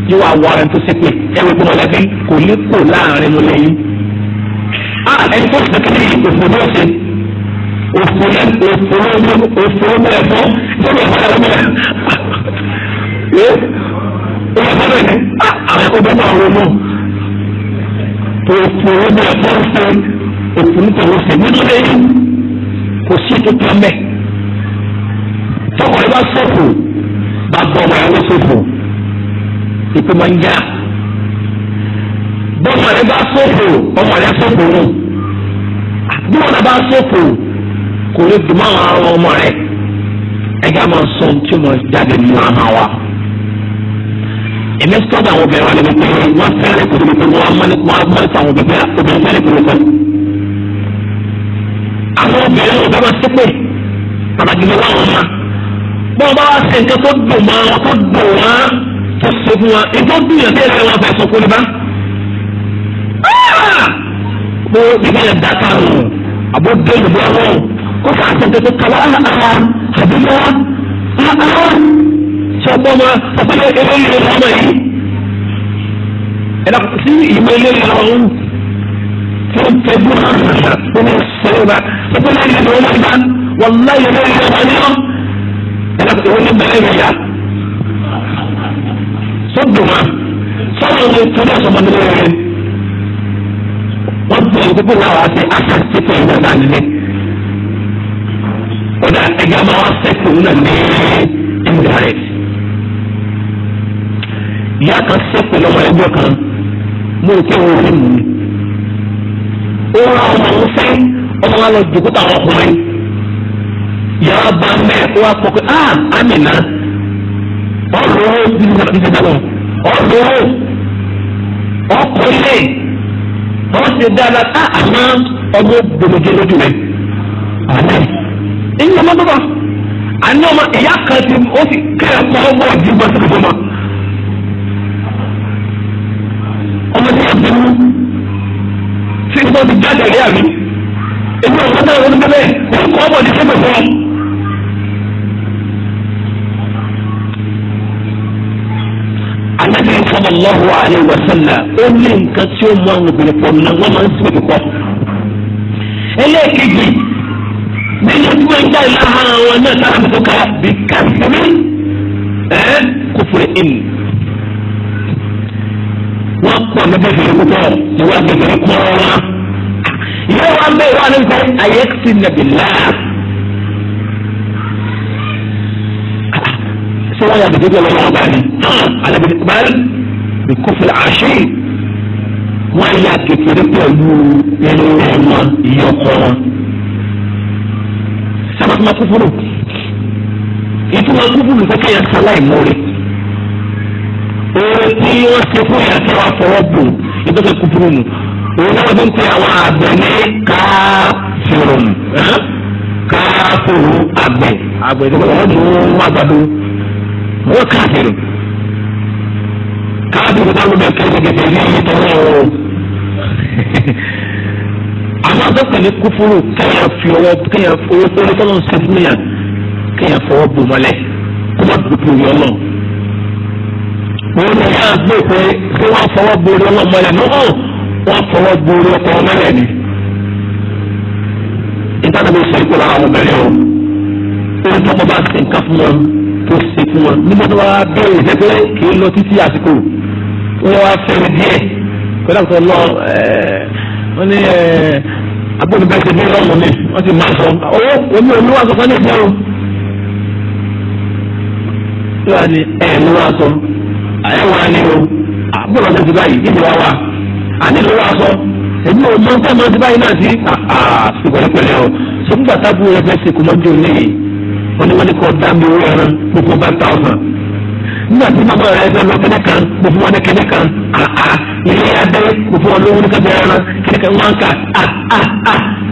yóò wá wọ ẹni tó ṣe pé ẹni tó mọ̀lẹ́bí kò ní kò láàrin ló lẹ́yìn. a ẹni tó ṣe kí òfò náà ṣe òfò òfò mẹ́rẹ̀ fún ìṣẹ̀lẹ̀ ìṣẹ̀lẹ̀ mẹ́rẹ̀. àwọn ẹ̀kọ́ bẹ́ẹ̀ náà ronú òfin ọdún ẹ̀kọ́ ṣe òfin tòun ṣe nínú lẹ́yìn kò sí tuntun mẹ́. tọkọ̀ọ́ bá sọ̀kù bàbá ọmọ ẹ̀rọ sọ̀kù ìpè máa ń yá. bọ́ọ̀mù rẹ̀ bá sọ̀kù ọmọ rẹ̀ sọ̀kù nù. bí wọn bá sọ̀kù kò lè dùn máa ń rán ọmọ rẹ̀ ẹ̀já máa sọ tí mo jáde nínú àhán wa èmi sọ́dọ̀ àwọn obìnrin wa ni wípé wọ́n fẹ́rẹ̀ kúrò wípé wọ́n mọ́lẹ́sọ àwọn obìnrin fẹ́rẹ̀ kúrò kan. àwọn obìnrin wọn bẹ́ẹ̀ máa sípè pàtàkì lọ́wọ́ àwọn ọmọ bí wọ́n bá wá sí nǹkan tó dùn mọ́ wọn tó dùn wọn tó ṣe fún wọn ètò ìdúnyàn tẹ́lẹ̀ rẹ̀ wọn fẹ́ sọ kúrò bá. Ah! bó ìgbà yẹn dáta nù àbó dé ìlú àwọn kó fà á sẹ́ńtẹ́ tó kàwá àbí sọgbọ́mọ ọ̀pọ̀lọpọ̀ eléyìí ló lọ́mọ yìí ẹ̀dàkùn sí ìwé eléyìí lọ́wọ́ tí ó ń tẹ́jú náà nínú sọ́yọ́dá ọ̀pọ̀ eléyìí ló lọ́mọ yìí wọ́lá eléyìí lọ́mọ yìí ẹ̀dàkùn ìwé ní bẹ́ẹ̀ yìí yá sọ́dùnmá sọ́dùn ní tọ́lá sọ́mọdé rẹ̀ wọ́n tẹ̀ ìdíkùn náà wá sí àṣà títẹ̀ ìgbàgbà nílé ọ̀dà ẹ̀yà máa wá sẹ́kù náà ní ẹ̀mí rẹ̀. ìyá kan ṣépè lọ́mọ ẹgbẹ́ kan mo ò kí wọn ò ní mú mi. ó ra ọmọ òun fẹ́ ọmọ wa lọ jòkó táwọn ọkùnrin ìyá wa bá mẹ́ ó wá pọ̀ pé ah Amina ọ̀rọ̀ ó ti ní ìdíje dáná ọ̀rọ̀ ó ọkọ̀ ilé wọ́n ti dá la ká àmọ́ ọmọ gbòmọdé lójú rẹ̀ àná ìyá ọmọ bàbá àní ọmọ ìyá kan ti ó ti kẹ́ ẹ̀kọ́ ọmọ ọ̀dí gbọ́sẹ̀ fún ọmọ. six months jáde ní àmì èmi ò sọ́tà ìwé nígbà bẹ́ẹ̀ wọ́n kọ́ ọmọ ní sẹ́gbẹ̀ fún ọ. anabi sallallahu alayhi wa sallam ó ní nǹkan tí ó mú àwọn obìnrin pọ̀ náà wọ́n máa ń sọ ìpọ̀. ẹlẹ́ẹ̀kejì nínú tí wọ́n ń jáde láhàá wọn náà sábà tó ká bí kàfíìmì ẹ̀ kófòrè ẹ̀mí ló bẹ̀rẹ̀ púpọ̀ ìwà bẹ̀rẹ̀ kọ́ra. ìyá wa ń bẹ̀rẹ̀ wà ní nǹkan ayé ti nàbì láà. ṣé wọ́n yà bẹ̀rẹ̀ bí ọlọ́wọ́ ọba ni alábẹ̀rẹ̀ bá bí kò fẹ́ àṣẹ wọ́n yà kékeré pẹ̀lú ẹni ọmọ ìyọkọ. sábà tó máa kúkúrú ìtumọ̀ kúkúrú nǹkan kẹ́yà sáláì mọ́rẹ̀ tí ó ṣe fún yàrá tí wọ́n fọwọ́ bò ìtọ́jú kúkúrú nù òun náà ló ń pe àwọn àgbẹ̀ ní káfíọ̀rùn káfíọ̀rùn àgbẹ̀ àgbẹ̀ tó wọ́n mú wọn àgbàdo wọ́n káfíọ̀rùn káfíọ̀rùn táwọn bẹ̀ kẹ́lẹ́gẹ́dẹ́ ní ìtọ́wọ́ o. (laughs) àwọn àgbẹ̀ ní kúkúrú kẹ́yà fi ọwọ́ kẹ́yà owó tó ń sọ fún yàn kẹ́yà fọwọ́ bò mọ́lẹ̀ kó má dùkú yọ náà wọn lọ yà gbé pé kí wọn fọwọ́ borí ọlọ́mọ rẹ̀ nù wọn fọwọ́ borí ọkọ ọmọ rẹ̀ ni. ìtàn àbí sọ ìkọlọ àwọn obìnrin o ó tọ́ bọ́ bá ṣe nǹkan fún wọn tó ṣe fún wọn nígbà tó wàá bẹ̀rẹ̀ ìṣẹ́pẹ́ kì í lọ títí àsìkò wọn wá fẹ́rẹ̀ díẹ̀ pẹ̀lú àkùtọ̀ lọ wọn ní agbóhùnbẹ́sẹ̀ bí lọ́mọ ni wọ́n ti máa sọ owó omi olúwa sọ fún ẹni ìṣẹ́ o. yóò wá ní ẹ̀ ló àyẹ̀wò wa ni o àbúrò ṣe ti báyìí ìdí wa wa ànílò wa sọ èmi ò mọ nǹkan mọ ti báyìí náà sí àpèpẹ̀lẹ́pẹ̀lẹ́ o sọ́kùn bàtà bu ẹgbẹ́ sèkú lọ́jọ́ oníyì oníwọ́lé kọ́ dá mi owó ẹran gbogbo bá ta ọ̀sán nígbà tí màmá rẹ ẹgbẹ́ lọ kẹ́nẹ́ kan gbogbo wọn kẹ́nẹ́ kan ilé adé gbogbo wọn lówó nígbà bẹ́ẹ̀ ẹran kẹ́nẹ́ kan wọn kà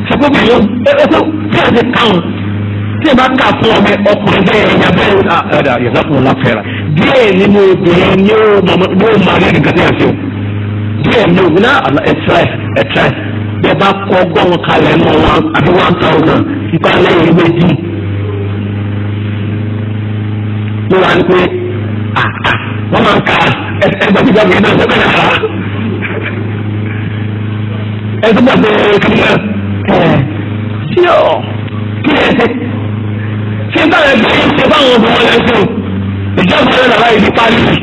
sọ́kùn bàyọ̀ ẹ̀ẹ́dẹ́gbẹ́ fẹ́ẹ́ ti kàn tí ẹ bá kà fún ọmọ ọkùnrin bẹ́ẹ̀ ẹ̀yà bẹ́ẹ̀ yẹ díẹ̀ nínú obìnrin ni ó máa rí nǹkan tí a o díẹ̀ ní òun náà ẹ̀tẹ́ ẹ̀tẹ́ bẹ́ẹ̀ bá kọ́ ọgọ́rùn kalẹ̀ mọ́ wọn àbí one thousand ipa lẹ́yìn méjì ló wà ní pé wọ́n máa ń ka ẹgbẹ́gbẹ́gbẹ́ náà ẹgbẹ́ náà ẹgbẹ́gbẹ́ kí náà kí ẹ ṣé ṣe báwọn ìjọba ìjọba ìjọba ìdí pálí.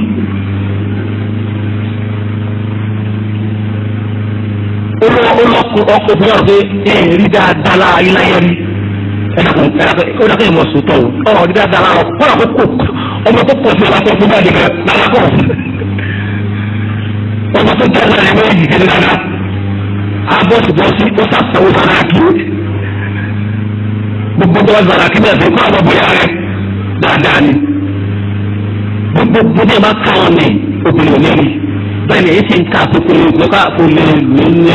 olóòkú ọkọ fún yàrá pé ẹ rí dáadáa lára láyé rí ó dàgbé ìmọ̀ sòtọ̀ o ọ̀ rí dáadáa lára àkókò ọmọ tó pọ̀ sí ọmọ tó ó sàtọ̀wọ́ sára gbogbo tó wà kí àwọn dáadáa ni. gbogbo bí ẹ bá ká wọn lẹ òkèlè òlẹ́rì bẹ́ẹ̀ ni èyí ti ń ká àkókòlè lọ́kà àkókòlè ló ní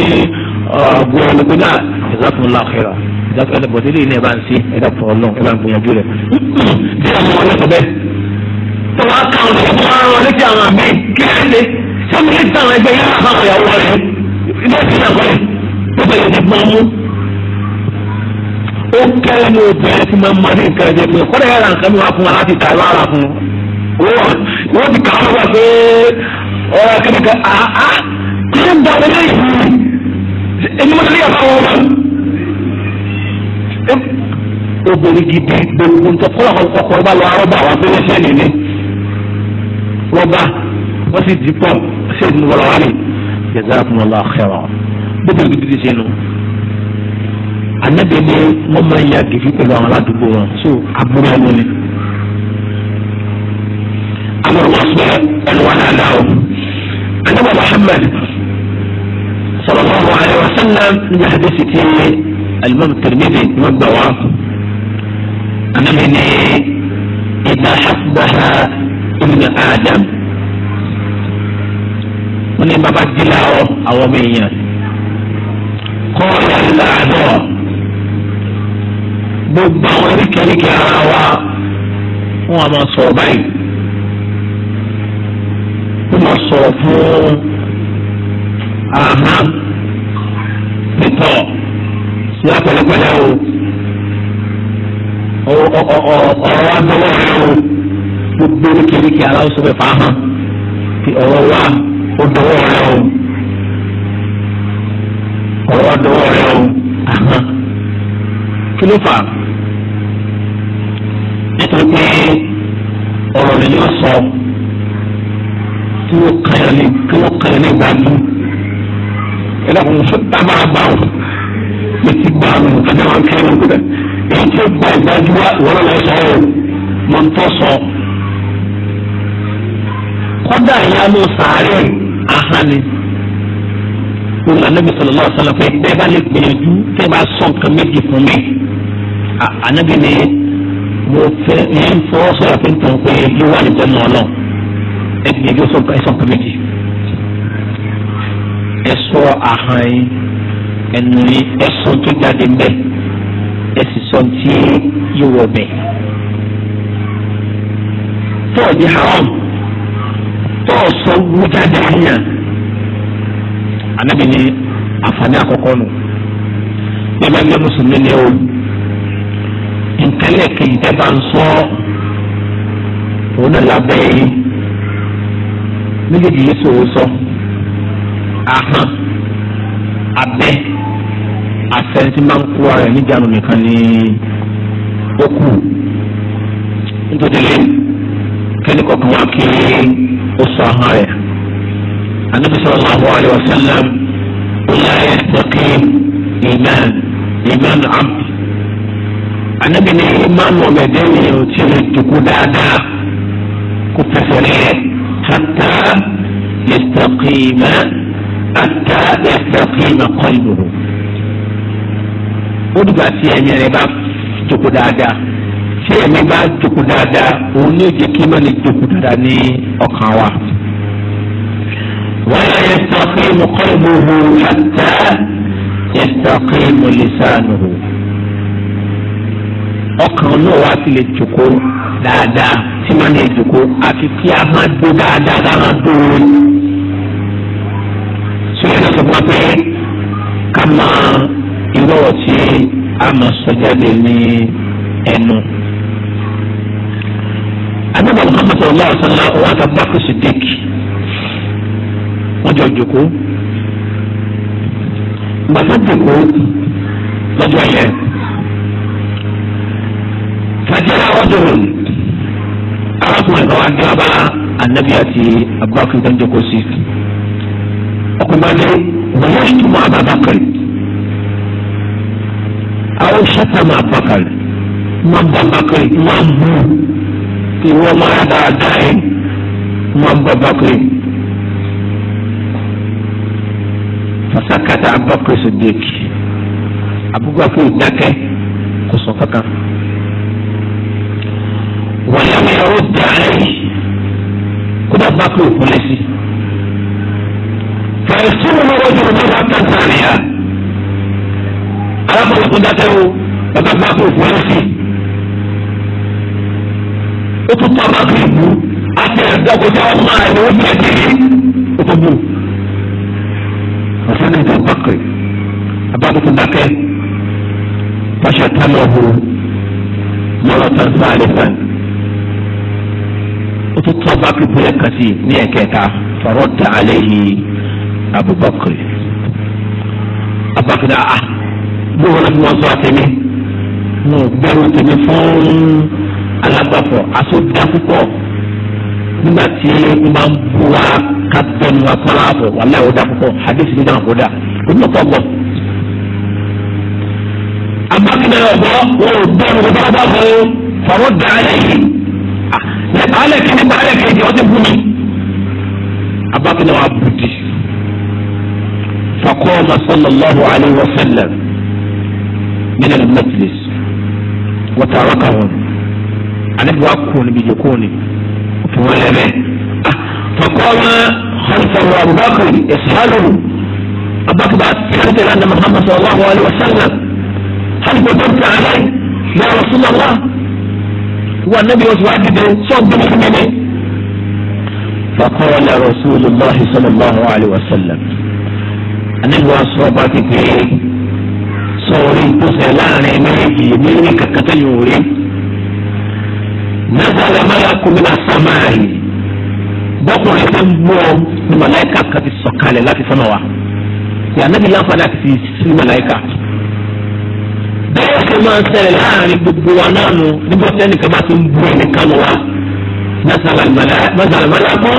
ọ̀gbọ́n ọ̀lọ́gbọ́n náà ìzákùn láàkìrà ìzákùn ẹ̀dá bọ̀dé lè ní ẹ̀ bá ń sí ẹ̀dá pọ̀ ọlọ́run ẹ̀ bá ń gbìyànjú rẹ̀ bí àwọn ọlọ́kọ̀ bẹ́ẹ̀ tó wá ká wọn lọ́kọ̀ wọn rán létí àwọn àmì kíláńdé sọ́mi létí àwọn ẹgbẹ́ yẹn àbáwọn ìyàwó rẹ̀ ilé ìdílé àgbọ̀rẹ̀ tó bẹ̀rẹ̀ ti gbọ́n mú ó kẹ́rẹ́ ní obìnrin tí máa ń mọ ní nǹkan ẹ̀jẹ̀ pé kọ́dà yàrá nǹkan mi wá fún wa láti ta ẹ̀ fún un wọ́n ti kà á wá pé ọ̀rọ̀ akẹ́kẹ́ àá ṣé ń bọ̀ wọlé yìí ẹni mo ti rí àbáwọ̀ wọn. obìnrin gidi gbogbo ń tọ́ fọlọ́ ọkọ̀ bá lọ arọ́bà wọn pé wọ́n ṣe nìyí rọ́bà wọ́n sì dì pọ̀ ṣé ìdùnnú wọlé wà ní. jazakumullahu khairan bóbi gidi ti ṣe nù anabi ni wọn máa ń ya gègé pẹ̀lú àwọn aládùúgbò wọn so aburú ẹnu ni àwọn ọ̀sẹ̀ ẹ̀lùwà dáadáa o. Adébọ̀ Muhammad sallallahu alaihi wa sallam ní àdéhùn ti alimami Tirmidhi ni wọ́n gbà wá. Ànábi ni ìdá àfùbọ̀há ibnu Adam. Wọ́n ní bàbá dìlà ọ́ àwọn ọmọ èèyàn. gbogbo àwọn oríkèéríkèé ara wa fún àwọn sọ̀rọ̀ báyìí sọ̀rọ̀ fún àmà pẹ̀tọ̀ sí apẹ̀lẹ̀pẹ̀lẹ̀ o ọ̀rọ̀ wa gbọ́wọ́ rẹ o gbogbo oríkèéríkèé aláwọ̀ sọ̀rọ̀ fà hàn fi ọ̀rọ̀ wa ó dọwọ́ rẹ o ọ̀rọ̀ wa dọwọ́ rẹ o àmà kí ló fà nítorí pé ọ̀rọ̀ lè yọ sọ kí wọ́n kàyàn ní kí wọ́n kàyàn ní ìgbàgbọ́ ẹ dàgbọ́n mo fẹ́ bàbá àbá o mo ti gbà mí àdàwọn akẹ́rọ̀ gbẹ èyí tí ó gba ìgbàgbọ́ wa ìwọ́n lọ sọ ọ́ mo ń tọ́ sọ. kọ́dà ìyá ló sàárẹ̀ ahani wọn anabi sallallahu alaihi wa sallam fẹ bẹ́ẹ̀ bá lè gbìyànjú tẹ bá sọ nǹkan méjì fún mi anabi ni mo fẹ́ ẹ ń fọwọ́ sọ̀rọ̀ fún tàn pé ló wà nígbà náà náà ẹgbẹ̀jọ sọ̀kan ẹ̀sọ̀ kan méjì ẹ̀sọ̀ ahọ́n yín ẹnu yín ẹ̀sọ̀ tó jáde mbẹ́ ẹ̀sìn sọ tí yóò wọ̀ bẹ̀. tọ́ọ̀ di haram tọ́ọ̀ sọ wú jáde àyàn anábì ní àǹfààní àkọ́kọ́ nù bẹ́ẹ̀ bá ń gbé mùsùlùmí ni o nkálẹ̀ kejì tẹ́ bá ń sọ òun náà lábẹ́ yìí méjèèjì yìí sòwò sọ ahọ́n abẹ́ asẹ́ntì máa ń kó ara ẹ̀ níjànú nìkan ní okù nítorí kẹ́ni kọ̀ọ̀kan wá kí ó sọ ahọ́n rẹ̀ anabi sallallahu alayhi wa sallam la yastaqi iman iman abd anabi ni iman ọmọdé ni o ti rí tukú dáadáa kó fẹsẹ̀ rẹ̀. حتى يستقيم حتى يستقيم قلبه ó dùgbà tí ẹ̀mí rẹ̀ bá jókòó dáadáa tí ẹ̀mí bá jókòó dáadáa òun ní èdè kí mọ́ni jókòó dáadáa ní ọkàn wa. wala yastaqimu qalbuhu hatta yastaqimu lisanuhu. ọkàn náà wá sí lè jókòó dáadáa tí wọ́n lè dùkú àfi kí a máa dó dáadáa ká máa tó o. sọ́yìn náà sọ fún wa pé ká máa irú ọ̀rọ̀ tí a máa sọ jáde ní ẹnu. anábàá Muhammad sallallahu alaihi wasallam ọwọ́ àtàbàkù Siddiq wọ́n jọ dùkú. gbàtà dùkú lọ́jọ́ yẹn. fàjẹ́rẹ́ ọdún arákùnrin kan wá ní ọba anabi àti abubakar tó ń jẹ kó sí ọkùnrin bá dé wọ́n yá ìtumọ̀ abubakar àwọn sọ́tàmù abubakar wọ́n bá abubakar wọ́n bú kí wọ́n máa dáadáa yẹn wọ́n bá abubakar. fasakata abubakar sadiq abubakar dákẹ́ kò sọ kankan. bá kú òkú létí. fẹ̀sí mi ló wọ́n tó bá kà sàríyà. alákòóso tó dákẹ́ o bàbá bá kú òkú létí. ó tún tọ́ bá kú ìbú àti ẹ̀dọ́ kò tẹ́ ọmọ rẹ̀ ló fi ẹ̀jẹ̀ yìí ó tó bù. ọ̀sán ìdá bàkẹ́ abákòóso dákẹ́. fàṣẹ tán lọ́hùn mọ́lọ́tàn sáà lẹ́sàn ó tún tún abubakar bóyá kan sí ní ẹ̀kẹta farọ́dà alayhi abubakar abubakar náà ah gbóhùn náà fi wọ́n sọ àtẹ̀mí mo gbẹ́rù tèmi fún alágbàfọ̀ asọ́jà púpọ̀ nígbà tí n bá ń bu wa ká bẹnu wa kọ́ra àbọ̀ wàhálà ò da púpọ̀ hadith ní dáhùn kó da ọ̀pọ̀ gbọ̀. abubakar ọ̀bọ̀ wọn ò gbẹ́rù tó bá bá fún farọ́dà alayhi. wàhálà kìíní wàhálà kejì ọdún bú mi abákùnrin wa bù di fakọ́ọ̀mà sallallahu alayhi wa sallam nínú al-majlis wọ́tà ọ̀rọ̀kà wọn anabi wa kúrò níbi ìjẹ́ kúrò ní òfin wọn lẹ́mẹ̀ fakọ́ọ̀mà khalfahu abubakar ishaluhu abákùnrin wa sẹ́ńtẹ̀ lánàá muhammad sallallahu alayhi wa sallam hal gbọdọ̀ tẹ̀ alẹ́ yà rasulullah. wọn anabi yóò ti wá dìde sọ́ọ̀dún fún mi ni. فقال رسول الله صلى الله عليه وسلم أن الواصبات في صوري تسألان ملكي ملك كتنوري نزل ملك من السماء بقر تنبو ملائكة كتسوكالي لا تسموا يا نبي لا فلا تسي ملائكة máa ń ṣẹlẹ̀ láàrin gbogbo wa náà nù nígbà sẹ́ni kan bá ti ń bu ẹnìkan lọ wa masalamala kọ́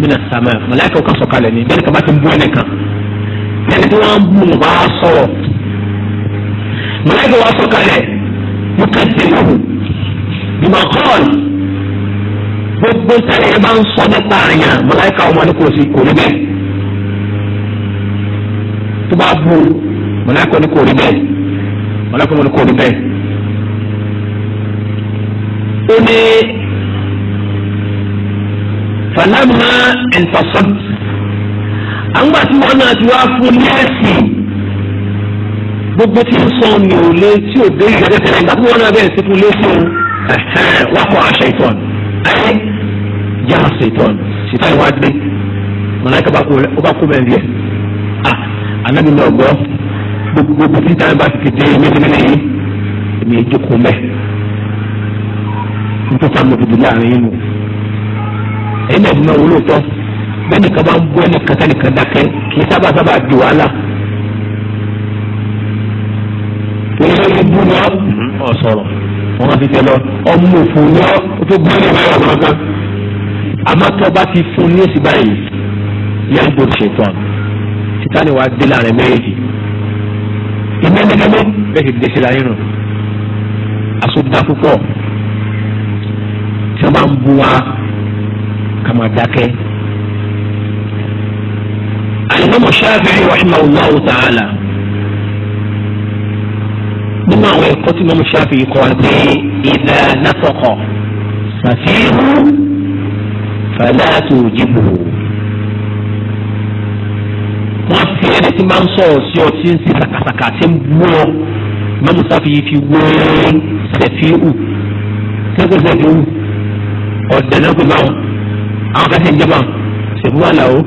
mina sama malayika kan sọ̀kalẹ̀ ni bẹ́ẹ̀ni kan bá ti bu ẹnìkan ẹni tí wọ́n ń bu wọn bá sọ̀rọ̀ malayika wa sọ̀kalẹ̀ mo kẹ́ ti lò ìmọ̀ kọ́ọ̀lù gbogbo tẹ̀lé ẹ bá ń sọ nípa àyàn malayika wọn ni kò sí kò rí bẹ́ẹ̀ tó bá bu malayika wọn ni kò rí bẹ́ẹ̀ ọlọ́pàá mo ní kò rí bẹ́ẹ̀. ó ní fanamá ẹ̀ńtọ́sọ́t àwọn àti wọn náà ti wá fún nẹ́ẹ̀sì gbogbo tí ń sọ mi ò lé tí ò dé ìgbà tẹ̀lé nígbà tí wọn náà bẹ̀rẹ̀ sí fún lẹ́sìn wákọ̀ àṣẹ ìtọ́n ayé yá àṣẹ ìtọ́n sìtá ìwádìí mọ̀láyìí kaba kó bẹ́ẹ̀ rí ẹ̀ ah anabi náà gbọ́ gbogbo tí táwọn bá ti tètè mẹsẹmẹsẹ yìí èmi ìjókòó mẹ nítorí àwọn òbí láàrin yìí nù ẹ̀yin náà ti máa wúlò tọ́ bẹ́ẹ̀ nìkan bá ń bọ́ ẹnìkan tẹ́nìkan dákẹ́ kì í sábà sábà di wàhálà. ìyá ìbú ni ọ́ ọ̀sọ̀rọ̀ wọ́n ti tẹ̀ lọ ọmọ òfò ni ọ́ ó tó gbọ́ ẹ̀rọ ẹ̀rọ kankan. àmọ́ tó bá ti fún ní èsì báyìí ìyá ń gbòòrò ṣètò àná títà ni dé láàrin méjèèjì bẹ́ẹ̀ ti dẹ́sẹ̀ láyé nù asọ́gbà púpọ̀ tí wọ́n bá ń bu wa ká máa dákẹ́. Al-Imam Shafi'i rahimahullahu ta'ala nínú àwọn ẹ̀kọ́ tí Imam Shafi'i kọ́ wa pé idha nafaqa safihu fala tujibuhu. wọ́n fi ẹni tí máa ń sọ̀rọ̀ sí ọ tí ń ṣe sàkàsàkà tí ń bú ọ mọ́tò sáfì fi wé sẹ̀fíù sẹ́kù sẹ́fíù ọ̀dẹ̀ náà kò báwọn àwọn kan ti ń jẹba sẹ̀fíù wà láwo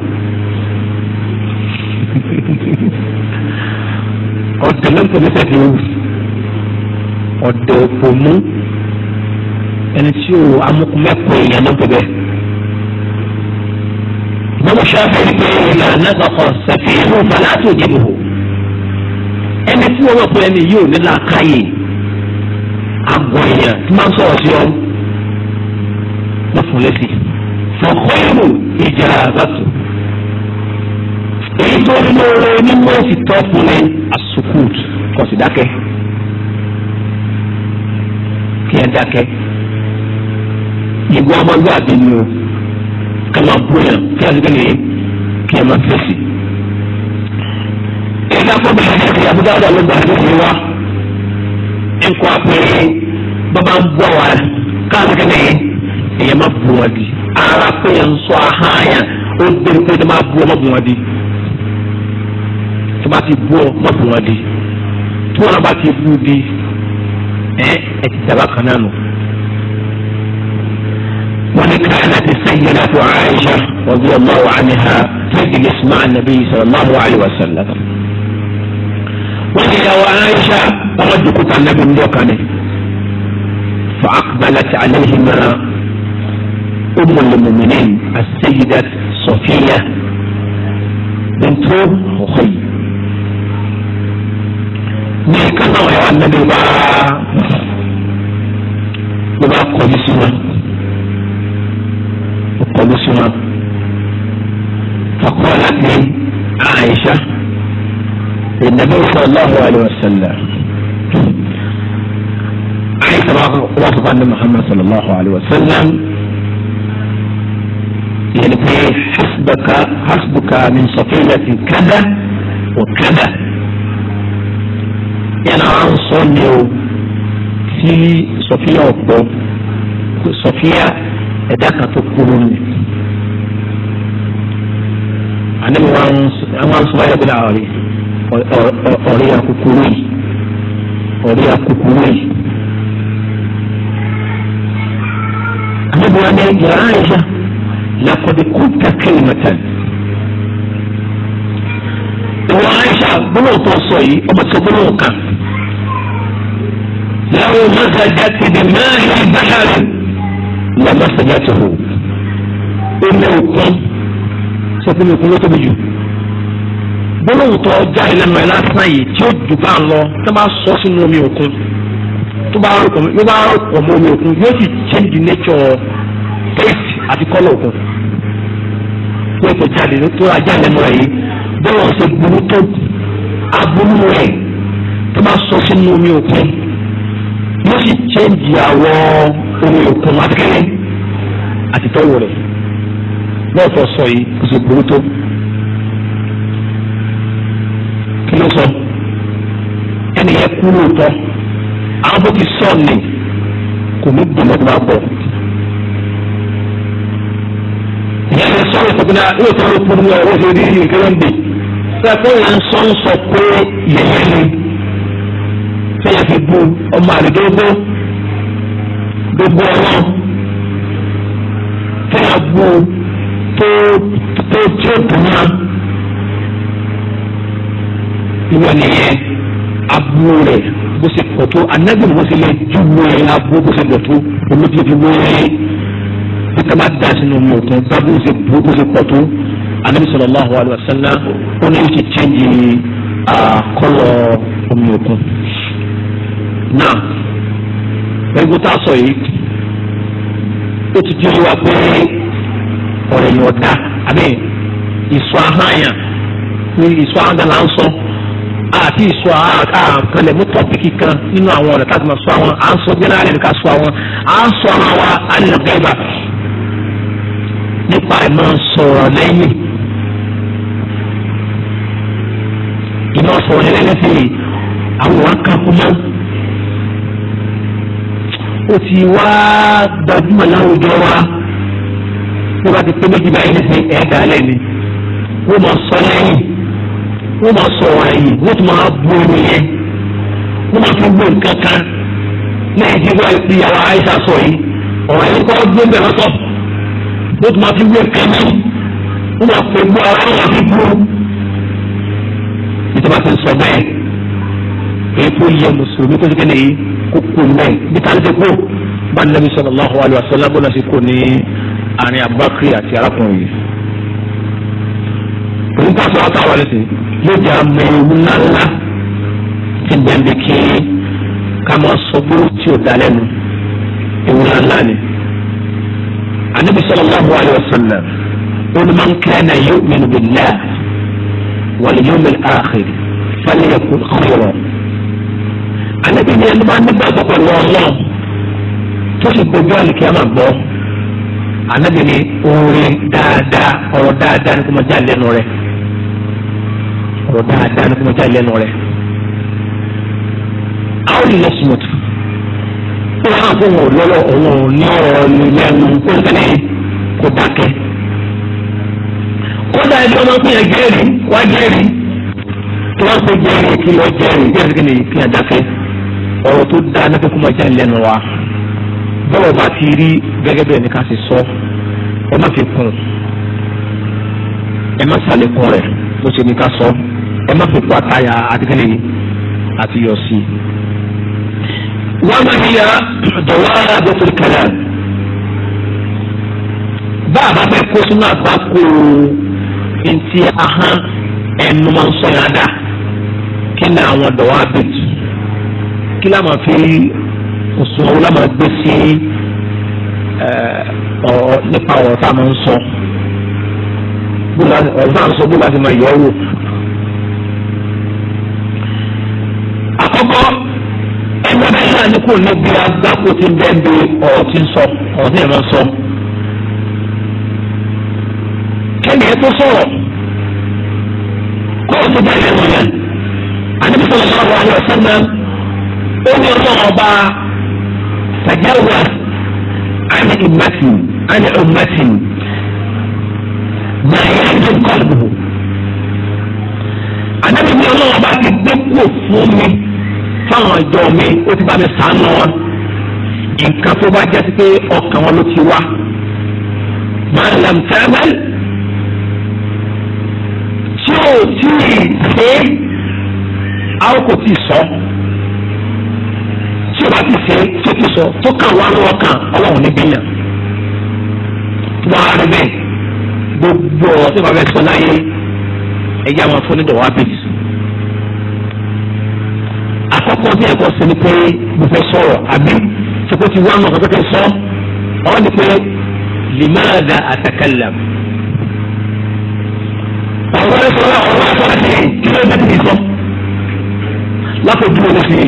ọ̀dẹ̀ náà kò ní sẹ̀fíù ọ̀dẹ̀ òpò mú ẹni tí o amúkúmẹ́kọ̀ọ́ èèyàn náà kò bẹ́ẹ̀. ìmọ̀ mọ̀ ṣáfẹ́ ni pé ìlànà kọ̀ọ̀kan sẹ̀fíù fọlá tó jẹ́ bò tí wọ́n mọ̀ pé ẹni yìí ò ní làákàyè àgọ́ èèyàn tí máa ń sọ̀rọ̀ sí ọ wọ́n fún lẹ́sìn fọ̀kọ́yìnbó ìjà àbátò èyí tó ń lóore nínú ẹ̀sìn tó fún ni àsùkùt kọ̀sì dákẹ́ kí ẹ dákẹ́ ìwọ ọmọlúwàbí ni o kí ẹ máa bóyá kí ẹ máa fèsì kakó bẹ̀rẹ̀ ní Abu Dawud ló gbà ní ìwá nkọ́ àpẹẹrẹ bàbá ń bọ̀ wá káàkiri ní èèyàn má bu wọn di ara pé yẹn ń sọ ahányà ó dé pé tó má bu ọ má bu wọn di tó bá ti bu ọ má bu wọn di tó wọn bá ti bu di ẹ ẹ ti dàbà kan náà nù. كانت السيدة عائشة رضي الله عنها تجلس مع النبي صلى الله عليه وسلم وإلى وعائشة فرد كتا النبي موكاني فأقبلت عليهما أم المؤمنين السيدة صفية بنت أخي ميكا نوعي عن النبي بقى بقى قوي النبي صلى الله عليه وسلم حيث وصف أن محمد صلى الله عليه وسلم يعني حسبك حسبك من صفيلة كذا وكذا يعني عن صلي في صفية وكذا صفية ẹ̀dáka tó أنا ni àní wọn wọn sọ ọ̀rí akukuru yìí ọ̀rí akukuru yìí. Àbẹ̀bọ̀ wa ní ẹ̀jẹ̀ Aisha lakọ̀dé kúta kéwìmọ̀tàn. Ìwọ Aisha gbọ́dọ̀ tó sọ yìí ọmọ tó gbọ́dọ̀ kan. Láwọn mọ́sájà ti di mẹ́rin báyàrá lọ́mọ́sájà tó hù. Ó ní òkun sọ fún mi òkun ló tóbi jù gbólóhùn tó jáde lẹ́nu ẹ̀ lásán yìí tí ó jù bá ń lọ tó bá sọ sínú omi òkun tó bá rò pọ̀ yóò bá rò pọ̀ mọ́ omi òkun yóò sì change the nature taste àti colour òkun tó ètò jáde tó ajá lẹ́nu ẹ̀ yìí bọ́lá ṣe burú tó aburú rẹ̀ tó bá sọ sínú omi òkun yóò sì change àwọ̀ omi òkun àti kẹ́lẹ́ àti tọ́wọ̀ rẹ̀ lọ́ọ̀tọ̀ sọ yìí kò sì burú tó. kú lóòótọ́ àwọn bó ti sọ ni kò ní dùn lọ́dún máa bọ̀. ìyá rẹ̀ sọ̀rọ̀ ìtọ́kùnrin náà yóò tọ́lọ́ fún mi ọ̀rọ̀ ìṣòro yìí nǹkan ló ń dè. sẹ́kọ̀ yà ń sọ ń sọ pé yẹ̀yẹ́ ni sẹ́yà fi bu ọmọ àrídógó gbogbo ọ̀rọ̀ sẹ́yà bu tó tó tó tó náà ìwọ nìyẹn aburú rẹ̀ bó ṣe pọ̀ tó anabi wọn ṣe lè ju wọ́n aburú bó ṣe pọ̀ tó olóbi fi wọ́n bí ká má da sínú mọ̀ tó bábú ṣe burú bó ṣe pọ̀ tó anabi sallallahu alaihi wasallam ó ní ti chẹ́ǹjì kọ́lọ̀ omi òkun. náà ẹgbẹ́ tá a sọ yìí ó ti di wa pé ọ̀rọ̀ yìí ọ̀dà àbí ìsọ ahọ́n àyàn ní ìsọ ahọ́n ń sọ àti ìsọ àkàlẹ̀ mú tọ́pìkì kan nínú àwọn ọ̀nà tá a ti máa sọ àwọn à ń sọ jẹ́nẹ́rẹ́ nìkan sọ àwọn à ń sọ àwọn wa alẹ́gbẹ̀gbà nípa ìmọ̀ sọ̀rọ̀ lẹ́yìn. ìmọ̀ sọ̀rọ̀ lẹ́yìn ti àwọn wa kan kú mọ́. ó ti wá gbajúmọ̀ láwùjọ wa bí wọ́n ti pé méjì báyìí ní ẹ̀ẹ́dà lẹ́ni wọ́n mọ̀ sọ lẹ́yìn wọ́n máa sọ̀rọ̀ àyè wọ́n ti máa bu ẹni yẹn wọ́n máa fi gbé nǹkan kan lẹ́yìn tí wọ́n ti yàrá àyíṣà sọ yìí ọ̀rọ̀ ẹni kọ́ gbé bẹ̀rẹ̀ sọ wọ́n ti máa fi gbé nǹkan mọ́ wọ́n máa fi gbó ara wọn fi gbó. ìjọba ti sọ bẹ́ẹ̀ èyí tó yẹ mùsùlùmí tó ti kẹ́lẹ́ yìí kó kú bí ká ló ti kú bá nàbí sallallahu alaihi wasallam bọ́lá sí kò ní àárín Abubakar àti arákùnrin yìí sáfù àtàwọn ẹsẹ yóò di àmọ ewu ńláńlá ti bẹ̀m̀bì kí ká máa sọ gbóró tí ò dá lẹ́nu ewu ńláńlá ni. anabi sallallahu alayhi wa sallam wọn máa ń kana yu'minu billahi wal yawmil akhir falyakun khayran. anabi ni ẹni máa ń nígbàgbọ́ pẹ̀lú ọlọ́run tó sì gbogbo àlùkìyàmà gbọ́ anabi ni oore dáadáa ọ̀rọ̀ dáadáa ní kò máa jáde lẹ́nu rẹ̀ ọ̀rọ̀ dáadáa ló mú jáde lẹ́nu rẹ̀ àwọn ìlú smooth ó hàn fún òun lọ́lọ́ òun ò ní ọ̀rọ̀ ní lẹ́nu kó lẹ́ kó dákẹ́ kódà ẹni ọmọ pín ẹgbẹ́rì wá jẹ́rì tí wọ́n pè jẹ́rì kí lọ jẹ́rì jẹ́rì kí lè fi àdákẹ́ ọ̀rọ̀ tó dáa ní kókó máa jáde lẹ́nu wa bọ́lọ̀ bá ti rí gẹ́gẹ́ bẹ́ẹ̀ ni ká sì sọ ẹ má fi kún ẹ má sàlékún rẹ̀ bó ṣe ní ká sọ ẹ má fi pa táyà àti kíni àti yọ sí. wọ́n máa fi ya dọ̀wọ́ alábẹ́tò kẹlẹ́ bá a bá fẹ́ kó sínú àgbà kó ntí ahán ẹnu máa ń sọ yàrá dà kí ni àwọn dọ̀wọ́ abẹ́tò kí la máa fi òsùn ọ̀hún la máa gbé sí nípa ọ̀rọ̀ tá a máa ń sọ bó la bó la máa yọ ọ́ wò. ní kò níbi agbáko ti bẹ́ẹ̀bi ọ̀rọ̀ ti sọ ọ̀rọ̀ ti ìran sọ. kẹ́mi ẹ tó sọ̀rọ̀ kọ́ ọ̀sẹ̀ bẹ́ẹ̀ lẹ́nu rẹ̀ àdébí sọ̀rọ̀ sọ̀rọ̀ wà ní ọ̀sẹ̀ náà ó ní ọlọ́run ọba sàjáwá àní ìmátì àní ìmátì máa yá ní kọ́ọ̀lù. ní ọlọ́run ọba ti gbé fún mi fáwọn ìjọ mi ó ti bá mi sànù wọn nǹkan tó bá jẹ́ sí pé ọkàn wọn ló ti wá máa làm tẹ́lẹ̀ tí ò tí ì ṣe a ó kò tí ì sọ tí o bá ti ṣe tó ti sọ tó kàn wá lọ́wọ́ kan ọlọ́run níbí yàn wàá rí bẹ́ẹ̀ gbogbo ọ̀rọ̀ tí o bá fẹ́ sọ láyé ẹ̀yà máa fún ní dọ̀wọ́ àkọ́kọ́ bí ẹ̀kọ́ sí ni pé mo fẹ́ sọ̀rọ̀ àbí sọ́kò ti wá ọmọ kan kẹ́kẹ́ sọ ọ́ ni pé limaada atakalam. àwọn ọ̀rẹ́ sọ̀rọ̀ àwọn ọ̀rẹ́ sọ̀rọ̀ sí kí ló dé ti sọ. lápòjú wọn sí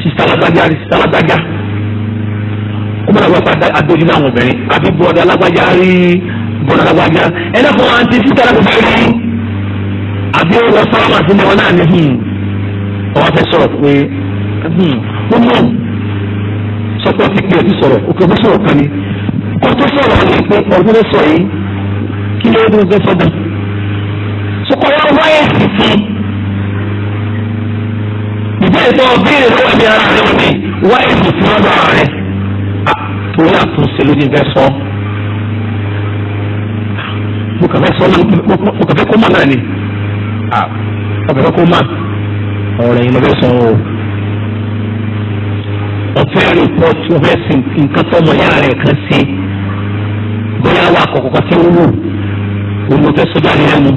sísá alágbájá sísá alágbájá ó máa wá padà adójú náà àwọn obìnrin àbí bọ́ọ̀dà alágbájá rí bọ́ọ̀dà alágbájá ẹ̀ náà fún wa àǹtí sísá alágbájá rí àbí ó wọ sálámà sí ni wọn náà ní ọ̀hún fẹ́ sọ̀rọ̀ pé hmm, ó mọ̀ sọ́kọ́ ti pè ọtí sọ̀rọ̀ òkè ọtí sọ̀rọ̀ kan ni kó tó sọ̀rọ̀ ọ̀hún ni pé ọdún ló sọ yìí kí ló dé ọdún sọ́dọ̀ sọ́kọ́ wá wáyé sí ti ìbéèrè tó béèrè lọ́wọ́ ní ara rẹ̀ wọ́n ni wáyé sí ti lọ́dọ̀ rẹ̀ àtúnyà ah, àtúnṣe ló ní bẹ́ẹ̀ sọ mo kàfẹ́ sọ mo kàfẹ́ kó mọ̀ náà ni ọ̀bẹ̀rẹ̀ ah, kó mọ̀ ọ̀rọ̀ yìí lọ́wọ́ sanwó ọ̀fẹ́ rìpọ́tì ọ̀fẹ́ sì nǹkan tọ́mọ yàrá rẹ̀ kan sí bóyá wà kọ̀kọ̀kọ̀ tí ó wù òun ló fẹ́ sọ́jà rẹ̀ mu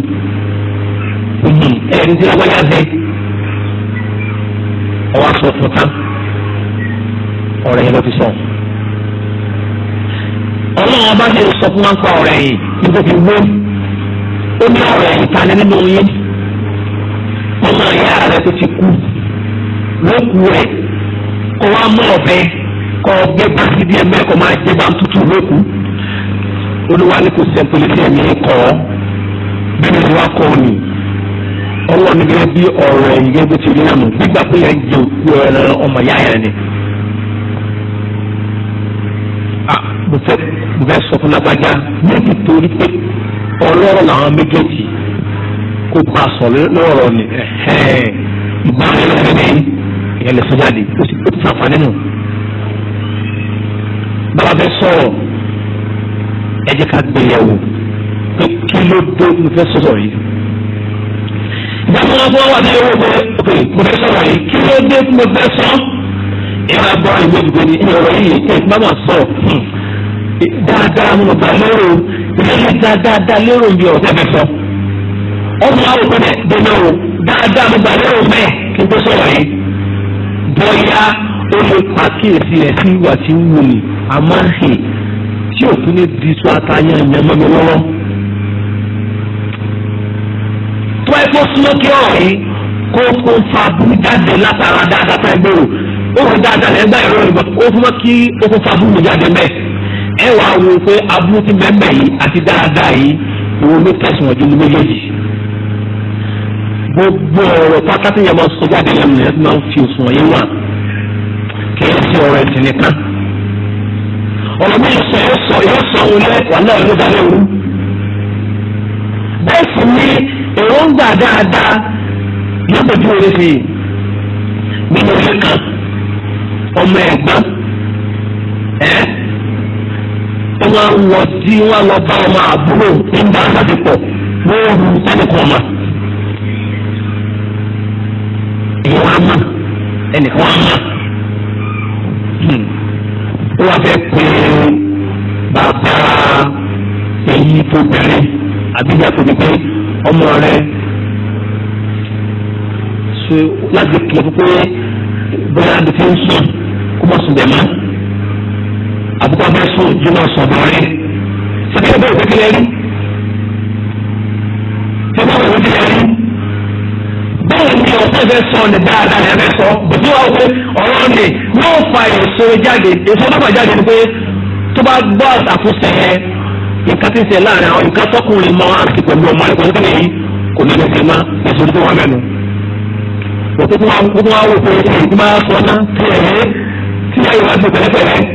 òyì ẹ̀rí tí wọ́n yà bẹ́ ọwọ́ aṣọ fún tán ọ̀rọ̀ yìí lọ́ fi sọ̀rọ̀ ọlọ́run ọba ṣe sọ fún wa ń pa ọ̀rọ̀ ẹ̀yìn nígbà tí wọ́n ó ní ọ̀rọ̀ ẹ̀yìn ta ni nínú yín. tó ti kú lókù rẹ̀ kọ́ wa mú ọ̀bẹ kọ́ ọgbẹ́ bá sí díẹ̀ mẹ́rin kọ́ máa jẹ́ bá ń tutù lókù olúwa ni kò ẹ̀mí kọ́ bẹ́ẹ̀ ni wàá kọ́ ni ọlọ́run ní gẹ́gẹ́ bí ọ̀rọ̀ ẹ̀yìn gẹ́gẹ́ bó ti rí gbígbà pé ọmọ ni. ìgbàlódé lọ́wọ́ ní ìyẹn lè sọ jáde ó ti sàǹfààní nù. bàbá fẹ́ sọ̀rọ̀ ẹ jẹ́ ká gbéyàwó pé kí ló dé mo fẹ́ sọ̀rọ̀ yìí. ìgbà tó wọn fọwọ́ wà ní owó pé ok mo fẹ́ sọ̀rọ̀ yìí kí ló dé mo fẹ́ sọ. ìwà gbọ́ ìwé ìgbé ni ìrọ̀rọ̀ yìí ẹ̀ bá wà sọ̀ dáadáa mo gbà lérò ìrẹ́lẹ̀ dáadáa lérò bí ọ̀rẹ́ ọmọ àwọn òpin dènà o dáadáa mo gbà lérò bẹ́ẹ̀ kí n tó sọ̀rọ̀ yìí bọ́yá ó lè pàkíyèsí rẹ̀ sí ìwà tí ń wù ní àmọ́ hì tí òfin ní di tó àtàyàn ìyẹn mọ́ mi lọ́wọ́. tó ẹ kó súnmọ́ kí ọ̀rọ̀ yìí kó kó fa burú jáde látara dáadáa tá ẹ gbèrò ó kó dáadáa lẹ́gbàá ìrọ̀ ìbọn ó fún mọ́ kí ó kó fa burú jáde bẹ́ẹ̀ ẹ wàá wo pé aburú ti bẹ́ẹ̀ bẹ́ẹ̀ yìí àti dáadáa yìí òun ló tẹ̀sán ọdún méjèèjì gbogbo ọ̀rọ̀ pátákì yẹn máa sọ jáde lẹ́nu yẹn máa ń fi òṣùwọ̀n yẹn wà kì í ṣe ọ̀rọ̀ ẹ̀sìn nìkan. ọ̀rọ̀ mi sọ yóò sọ yóò sọ òun lẹ́ wà náà ló dá léwu. bẹ́ẹ̀ sì ni èròǹgbà dáadáa lọ́gbẹ̀dú orí fi nínú ilé kan ọmọ ẹ̀gbọ́n ẹ̀ wọ́n wọ̀ tí wọ́n lọ bá ọmọ àbúrò nígbà láti pọ̀ wọ́n rú tẹ́lẹ̀ ọmọ. ẹnìkan hmm. ó wá fẹ́ pé bàbá èyí tó bẹ̀rẹ̀ àbíjà tó ti pé ọmọ rẹ̀ ṣe láti kí ẹ pé bóyá ló fi ń sùn kó má sùn bẹ̀ mọ́ àbúkọ́ bẹ́ẹ̀ sùn jùlọ sọ̀bọ̀ rẹ̀ ṣe kí ẹ bẹ́ẹ̀ pé kí lẹ́rìí. tẹ̀ fẹ́ sọ ọ̀nà dáadáa ni ẹ fẹ́ sọ bùtú wa pé ọ̀rọ̀ ni yóò fa èso jáde èso tó fà jáde ni pé tó bá gbọ́ àtàkùsẹ̀ yẹn nǹkan ti ń ṣe láàrin àwọn nǹkan tọkùnrin mọ́ àti pẹ̀lú ọmọ rẹ̀ pẹ̀lú kí kò ní lè fi má èso tó wà mẹ́nu. òtún tó wá wò pé èyí máa sọ ná tí ẹ̀ tí ẹ̀ yóò wá sí pẹ̀lẹ́pẹ̀lẹ́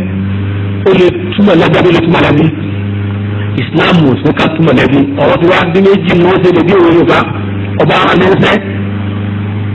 ó lè túmọ̀ lágbàdo lè túmọ̀ lábí Islam ò sí ká túmọ̀ lábí ọ̀rọ̀ tí wàá dín méjì ni wọ́n ṣe lè bí òwe Yorùbá ọba alẹ́ ń sẹ́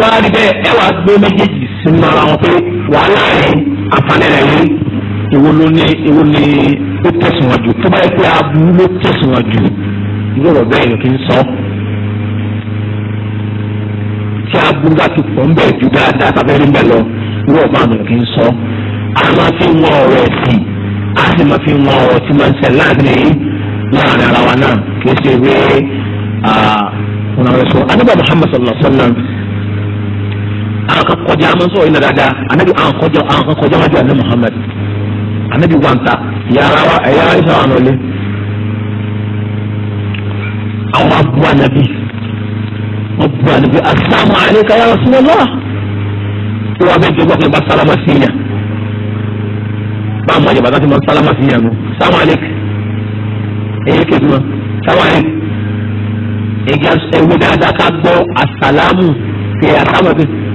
tó wá rí bẹ́ẹ̀ ẹ wàá gbé méjèèjì sínú ara wọn pé wàhálà rẹ̀ àǹfààní rẹ̀ rí èwo ló ní èwo ní ó tẹ̀sán jù tó bá yẹ pé aburú ló tẹ̀sán jù irú ọ̀rọ̀ bẹ́ẹ̀ ló kì í sọ. tí aburú bá ti pọ̀ ń bẹ̀ ju dáadáa tàbí ẹni bẹ́ẹ̀ lọ irú ọ̀rọ̀ máa ló kì í sọ. a máa fi wọn ọ̀rọ̀ ẹ̀sìn a sì máa fi wọn ọ̀rọ̀ tí máa ń ṣe láàrin láàrin ara wa náà kì í Muhammad sallallahu alaihi wa sallam àwọn kan kọjá àwọn sọ̀rọ̀ iná dáadáa anabi àwọn kọjá àwọn kan kọjá wájú anabi muhammad anabi wà ń ta yàrá wa ẹ̀yà ayéṣà wà lọ́lé àwọn abu anabi wọ́n bu anabi asalaamu aleyka ya rasulallah wọ́n bẹ jẹ́ gbọ́dọ̀ bá sálámà sí yàn bá a mọ̀ ẹ̀ bàtà tí mo sálámà sí aleyka ẹ̀yẹ kẹ́dùn sálámù aleyka ẹ̀yẹ ẹ̀wé dáadáa ká gbọ́ asàlámù ṣe asàlámù aleyka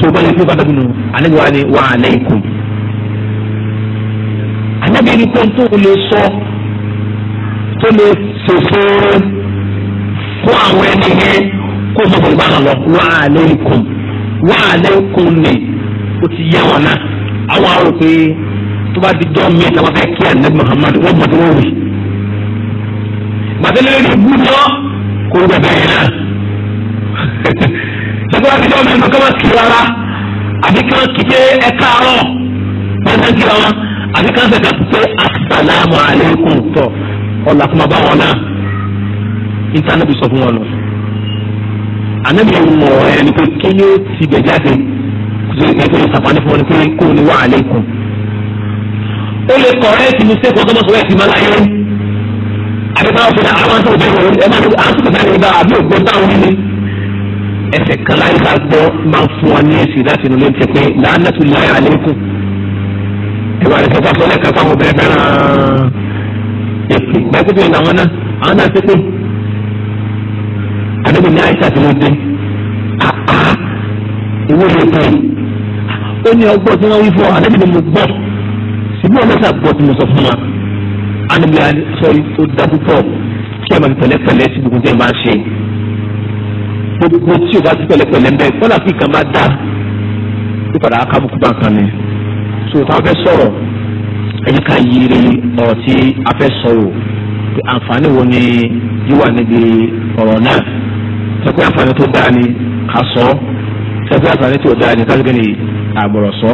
so bọ́lá ìfúnpá tó dùn ànábi wà ní wà alaykum. ànábi ní kó tó lè sọ tó lè fòfò fún àwọn ẹni yẹn kó sọ fún ìbára lọ wà alaykum wà alaykum ni o ti yẹ wọn náà àwọn arò pé tó bá di jọ́ mi ẹ̀ lọ́wọ́ fẹ́ kí ànábi muhammadu wọ́n mọ̀ tó wọ́n wì. gbàdúrà lórí ìbú ni wọ́n kó gbàgbà yẹn náà gbogbo àtijọ́ mi nǹkan máa kiri rárá àbí kí wọ́n kíkẹ́ ẹ káàárọ̀ pẹ́sẹ́ kiri wọn àbí kí wọ́n fẹ́ ká pé asalaamu aleykum tọ̀ ọ̀là kó máa bá wọn náà intanẹ́ẹ̀tì sọ fún wọn lọ. ànábì mọ̀ ẹ́ ni pé kí ni ó ti bẹ̀ jáde kó tó ìgbà tó ń sàpánì fún wọn ni pé kó o ní wà aleykum. ó lè kọ̀rẹ́ ti mi sé kó ọdún mọ̀sọ̀rọ̀ ẹ̀ ti máa láyé àbí báwọn fi àwọn àti òbí wọn ẹ̀ máa ń tó ẹsẹ̀ kan láyé ká gbọ́ máa ń fún wa ní èsì láti inú lóńtẹ̀ pé lánàtú láyé àlékún ẹ bá rẹ sọ fún ẹ̀ka fáwọn obìnrin fẹ́ràn èpè gbàgbé ìlànà àwọn náà àwọn náà ti pé àdébò ní àyíká tí wọ́n dé àá ah, ah, ìwé rẹ̀ pé ó ní ọgbọ́n tí wọ́n wí fún àdébò ní mo gbọ́ síbí wọn mẹ́ta gbọ́ tí mo sọ fún wa àdébò ní àyíká sọ ó dá púpọ̀ kí ẹ máa fi pẹ̀lẹ́pẹ̀lẹ́ sí gbogbo tí ẹ máa ń ṣe gbogbo tí o bá ti pẹ̀lẹ́pẹ̀lẹ́ mbẹ kọlá kí kan máa dá o padà akábùkù bá kan ni so tá a fẹ́ sọ̀rọ̀ ẹni ká yiri ọ̀rọ̀ tí a fẹ́ sọ̀rọ̀ pé àǹfààní wo ni yíwà níbi ọ̀rọ̀ náà sọpé àǹfààní tó dáa ni ká sọ sọpé àǹfààní tó dáa ni ká lóge ni àgbọ̀rọ̀ sọ.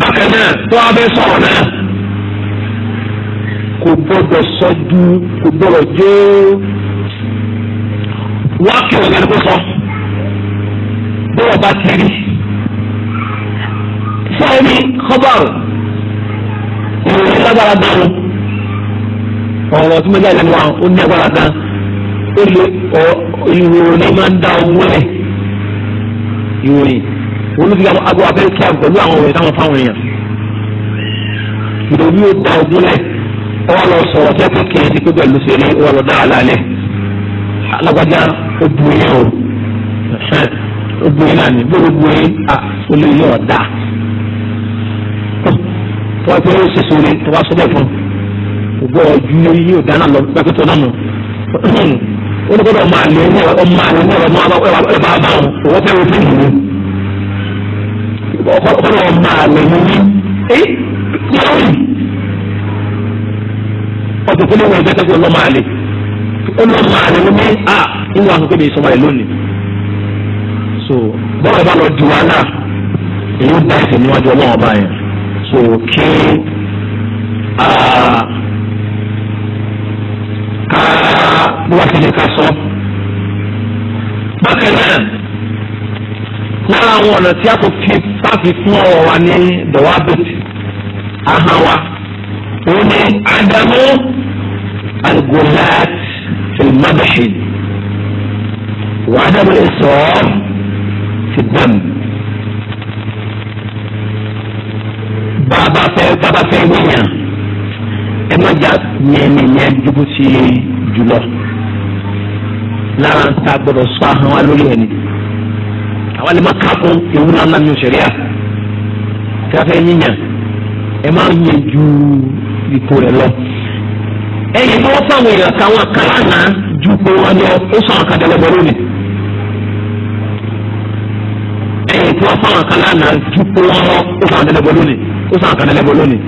bákan náà tó a fẹ́ sọ̀rọ̀ náà kò gbọdọ̀ sọ́jú kò gbọdọ̀ jó wá kí ọ̀gá ni kò sọ bọ́ọ̀ bá ti rí sáyẹn ní kọ́bárù ìròyìn lágbára dáhùn ọ̀rọ̀ tí mo jáde wá ó ní agbára dán ó lè ìròyìn máa ń dá owó rẹ̀ ìròyìn wọ́n ló fi àwọn agbó abẹ́rẹ́ kí a pẹ̀lú àwọn òwe táwọn fáwọn èèyàn ìròyìn ó dá owó rẹ̀. wọ́n lọ sọ̀rọ̀ tẹ́ kí kìí ti pípẹ́ wọ́n lọ dáhà lálẹ́ alágbájá ó bu o ó bu yín lánìí bó ló bu yín à olú yín ọ̀dà tó wá pé ó ṣe sóore tó wá sọ́dọ̀ fún ojú lọ pẹ́ náà nù ó ní gbọ́dọ̀ ní ọmọ ní ọmọ bá bá wọn fún ọkọ̀ ní kí ló wọ ẹgbẹ́ kẹ́kẹ́ ọlọ́mọ àlè ọlọ́mọ àlè ló ní à ìwọ àkókò bíi sọmọ rẹ lónìí. so bọ́ọ̀lù bá lọ di wa náà èyí bá ẹsẹ̀ níwájú ọlọ́wọ́n bá yẹn so kí ká bí wàá ti lè ká sọ. bákan náà lára àwọn ọ̀nà tí a kò fi fáfi fún ọ̀rọ̀ wa ní dọ̀wábìtì ahọ́n wa òun ni الغلاة في المدح وعدم الإسراف في الدم bàbá fẹ́ bàbá fẹ́ wíyàn ẹ má jà yẹn yẹn dúró sí jùlọ lára ń ta gbọ́dọ̀ sọ ahọ́n wa lórí ẹni àwọn lè má kákún ewu náà lámì òṣèré à tí a fẹ́ yíyàn ẹ má yẹn ju ipò rẹ lọ ẹ yẹn fáwọn èèyàn káwọn kálánà ju pé wọn lọ ó sọ àwọn kadàlẹ́bọ̀ lónìí. ẹ̀yìn tí wọ́n fáwọn kálánà ju pé wọn lọ ó sọ àwọn kadàlẹ́bọ̀ lónìí ó sọ àwọn kadàlẹ́bọ̀ lónìí.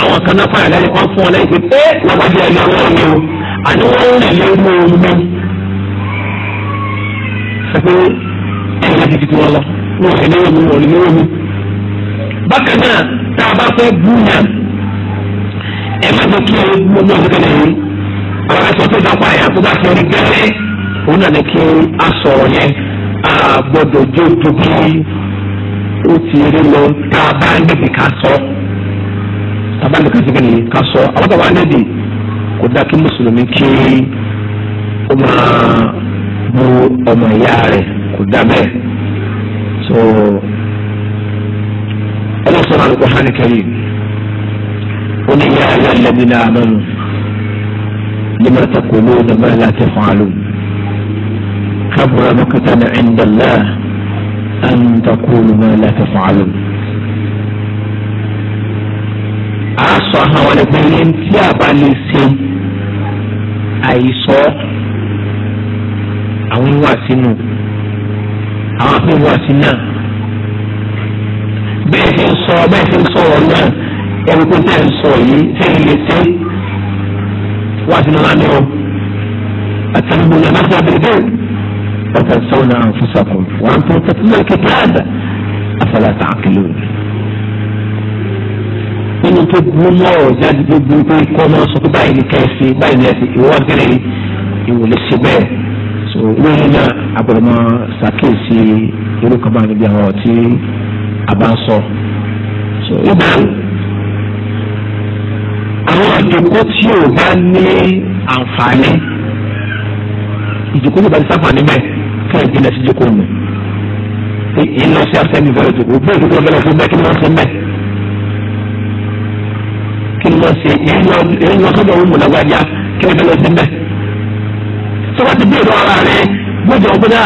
àwọn kan náà fàyà kan fún ọ lẹ́yìn pé pé lágbájá ẹ̀yìn ọlọ́run ni o àní wọ́n ń rìn lé mú. aṣọ tó dápọ̀ àyà òun náà ni kí a sọ̀rọ̀ yẹn a gbọ́dọ̀ jó tó kí ó ti rí lọ tá a bá ń dìbì ká sọ tá a bá ń dìbì ká sọ kí ni ká sọ àwọn tó bá ń dìbì kò dá kí mùsùlùmí kí ó máa bu ọmọ ìyá rẹ̀ kò dá bẹ́ẹ̀ so ọlọ́sọ̀rọ̀ àlùkò hàn kẹ́yìn ó ní yá ayé alẹ́ bí náà mọ́nu. لما تقولون ما لا تفعلون كبر مكتا عند الله ان تقولوا ما لا تفعلون اعصى هؤلاء بين ثياب السن اي صوت او واسنو اعطي واسنا بيت الصوت بيت الصوت والله يعني كنت الصوت فين السن wá sínú ńlá ni o àtàlùbọ̀ yẹn náà sábẹ̀ dé ọ̀tà sọ́wọ́n náà fún sàkùn wọn tó tẹ̀sí náà kékeré àdá àfàlà tààkìlù. nínú tó gbóná ọ̀rọ̀ jáde tó gbó pé kọ́ náà sọ pé báyìí ni kẹ́sì báyìí ni ẹ̀sìn ìwọ́ gẹ́rẹ́ ìwòlè ṣe bẹ́ẹ̀ so lóyún náà agbọ̀dọ̀mọ sàkíyèsí irú kan báyìí níbi àwọn ọ̀tí àbá ń so ìbáyìí ìjòkó tí ò bá ní àǹfààní ìjòkó tí ò bá ní sáfàní mẹ kí ẹ jìnnà sí ìjòkó mi ìyẹn lọ sí afẹ́mi fẹ́rẹ̀ ìjòkó bẹ́ẹ̀ ìjòkó ọ̀bẹ́lẹ̀ fún bẹ́ẹ̀ kí wọ́n fún bẹ́ẹ̀ kí wọ́n ṣe ìyẹn lọ sọ́dọ̀ òun mọ̀lágbájá kí wọ́n fẹ́lẹ́ fún bẹ́ẹ̀. sọ́wọ́n ti bèèrè ara rẹ gbọ́dọ̀ ọ̀gbọ́dọ̀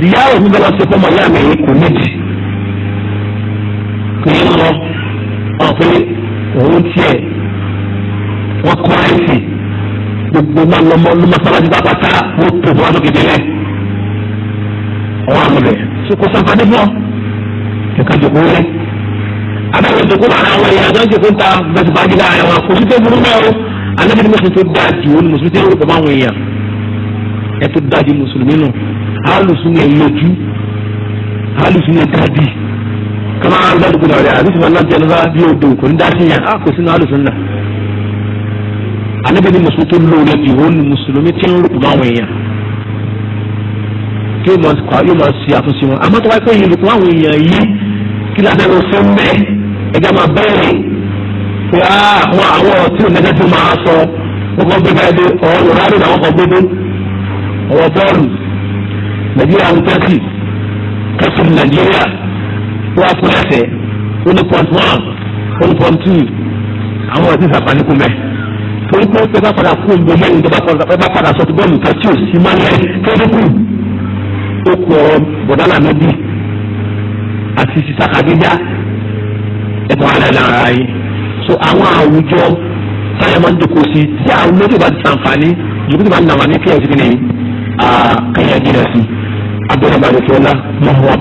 ziyáwó fún bẹ́ẹ̀ lọ sí fọmọ ìyá mi kò níbi kò yẹn lọ ọ̀ pé òun gbogbo náà lọmọ lọmọsáwájú bá pátá mo tó fún adókè délẹ̀ ọwọ́ àmúlẹ sọkò sanfàdé bọ kẹkẹ jòkó rẹ abẹ́rẹ́ ìdókòwò àwọn àwọn èèyàn àjọ ìjòkó ń ta bẹ́sẹ̀ bá jìlá ara wọn kò sí tó burú náà o alẹ́ bí mùsùlùmí tó dáa jù ó ní mùsùlùmí tó yẹ kó máa wọ̀nyà ẹ tó dáa jù mùsùlùmí nù alùsùn yẹn lójú alùsùn yẹn dáadì kàmá alùsùn yẹn dáadì àbí sùnmọ́ alájẹ lọ́wọ́ bí odò kò ní dáa sí yẹn anabi ni mùsùlùmí tó lóore jù ó ní mùsùlùmí tí ń rúkú báwọn èèyàn yóò máa kọ́ yóò máa ṣe àtúnṣe wọn àmọ́ tó wáyé pé yìí rúkú báwọn èèyàn yìí kí ni àtẹ́wọ́ fẹ́ mẹ́ ẹ̀jẹ̀ máa bẹ́ẹ̀rẹ̀ pé ah, àwọn àwọn tí ò nẹ́jẹ́ tó máa sọ kókó gbé báyìí dé ọ̀rọ̀ rárá làwọn kan gbé dé ọ̀rọ̀ bọ́ọ̀lù nàìjíríà ń tẹ́sì kẹ́sìn nàìjíríà wọ́n á fún ẹsẹ̀ one point one one point two àwọn ọ̀tí ìsàpánikú mẹ́ẹ̀ torí pé ẹ bá padà kú òǹdó lẹ́yìn tó bá padà sọ ti bọ́ọ̀lù kan tí ò sí máa lẹ́yìn kẹ́rẹ́kù ó kọ bọ̀dálà níbí àti sísàkà dídá ẹ̀kọ́ ara ẹ̀ lára yìí so àwọn àwùjọ táyà máa ń dòkó sí tí àwọn méjì bá ti sàǹfààní jùlọ tí bá ń nàmà ní kíyàn sí kíni kẹyà jìnnà sí abẹ́rẹ́ bá lóṣù ọ̀la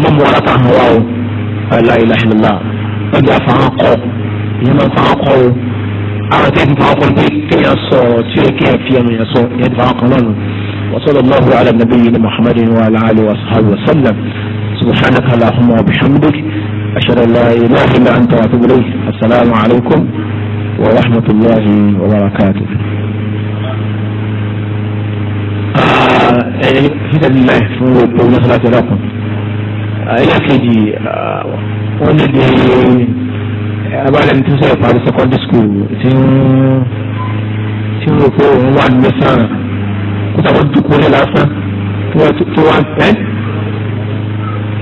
mọ̀mú ara tá a mọ̀ wá o aláìláhìlá ọjà fàákọ̀ ìyẹn máa fàákọ̀ o. kéèyàn sọ tí ó kéèyàn fi yẹn sọ yẹn ti وصلى الله على النبي محمد وعلى اله وصحبه وسلم سبحانك اللهم وبحمدك اشهد ان لا اله الا انت واتوب اليك السلام عليكم ورحمه الله وبركاته في الله fún abalẹ̀ tí sọ̀rọ̀ parí secondary school tí ń tí ń rò pé òun wà ní sàn kó sàkó dùkú ní lásán tó wà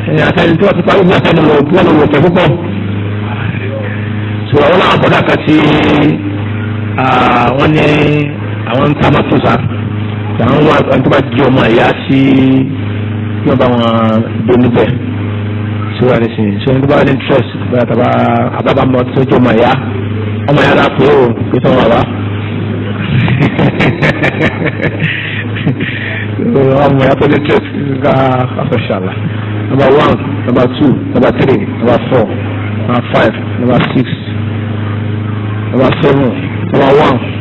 ẹ́ àtẹni tí wọ́n ti parí ní àtẹni lọ bí wọ́n lọ wọ̀ tẹ́ púpọ̀ sọ̀rọ̀ àwọn làwọn bọ̀dà kan tí wọ́n ní àwọn ń ta mọ́tò sá àwọn tó bá di ọmọ ẹ̀yà sí yọ̀ọ̀bá wọn dóní bẹ́ẹ̀ tí wọ́n ní sìn ṣé nígbà wọ́n ní interest bóyá tàbá àbábá mọ́ tó jọ mọ̀ ẹ̀yà ọmọ ẹ̀yà pé ó pé sọ wà wá. ọmọ ẹ̀yà ní interest ah, ká àfẹ́sàlà number one number two number three number four number five number six number seven number one.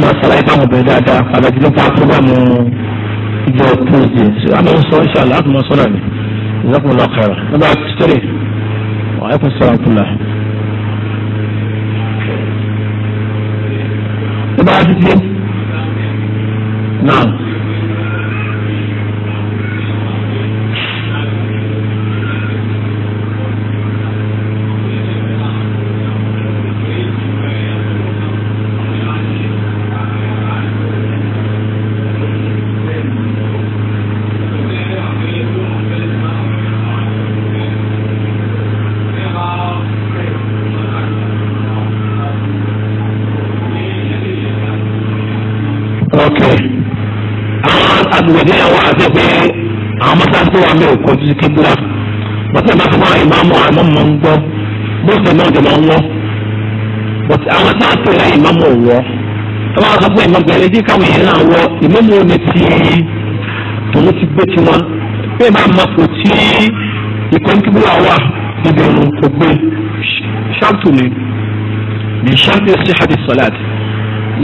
ọlọ́run máa ṣàlàyé báwọn bẹ̀rẹ̀ dáadáa pàtàkì nípa fúlàmù ìjọ tóòjì àmọ́ sọ ṣàlà àti mọ́ sọ́nà mi ìzọ́kùn lọ kẹrọ nígbà tẹ́lẹ̀ wàhálà sọ̀rọ̀ kùlà. nígbà títí náà. bẹ̀ kọjú sí kíbla bàtà bá fún àwọn ìmáàmù àwọn ọmọ ń gbọ́ bó ṣe náà jọ máa ń wọ́ bàtà àwọn náà tó yà ìmáàmù wọ́ àwọn àwọn sọ́kùnrin ìmáàmù bẹ̀rẹ̀ dí káwọn yẹn náà wọ́ ìmáàmù ò ní ti tòun ti gbé tiwọn bẹ́ẹ̀ máa ma kò tí ìkọ́ kíbla wà níbi ọ̀nà kò gbé ṣáàtù ni bí ṣáàtù ṣe hàdí sọ́láàtì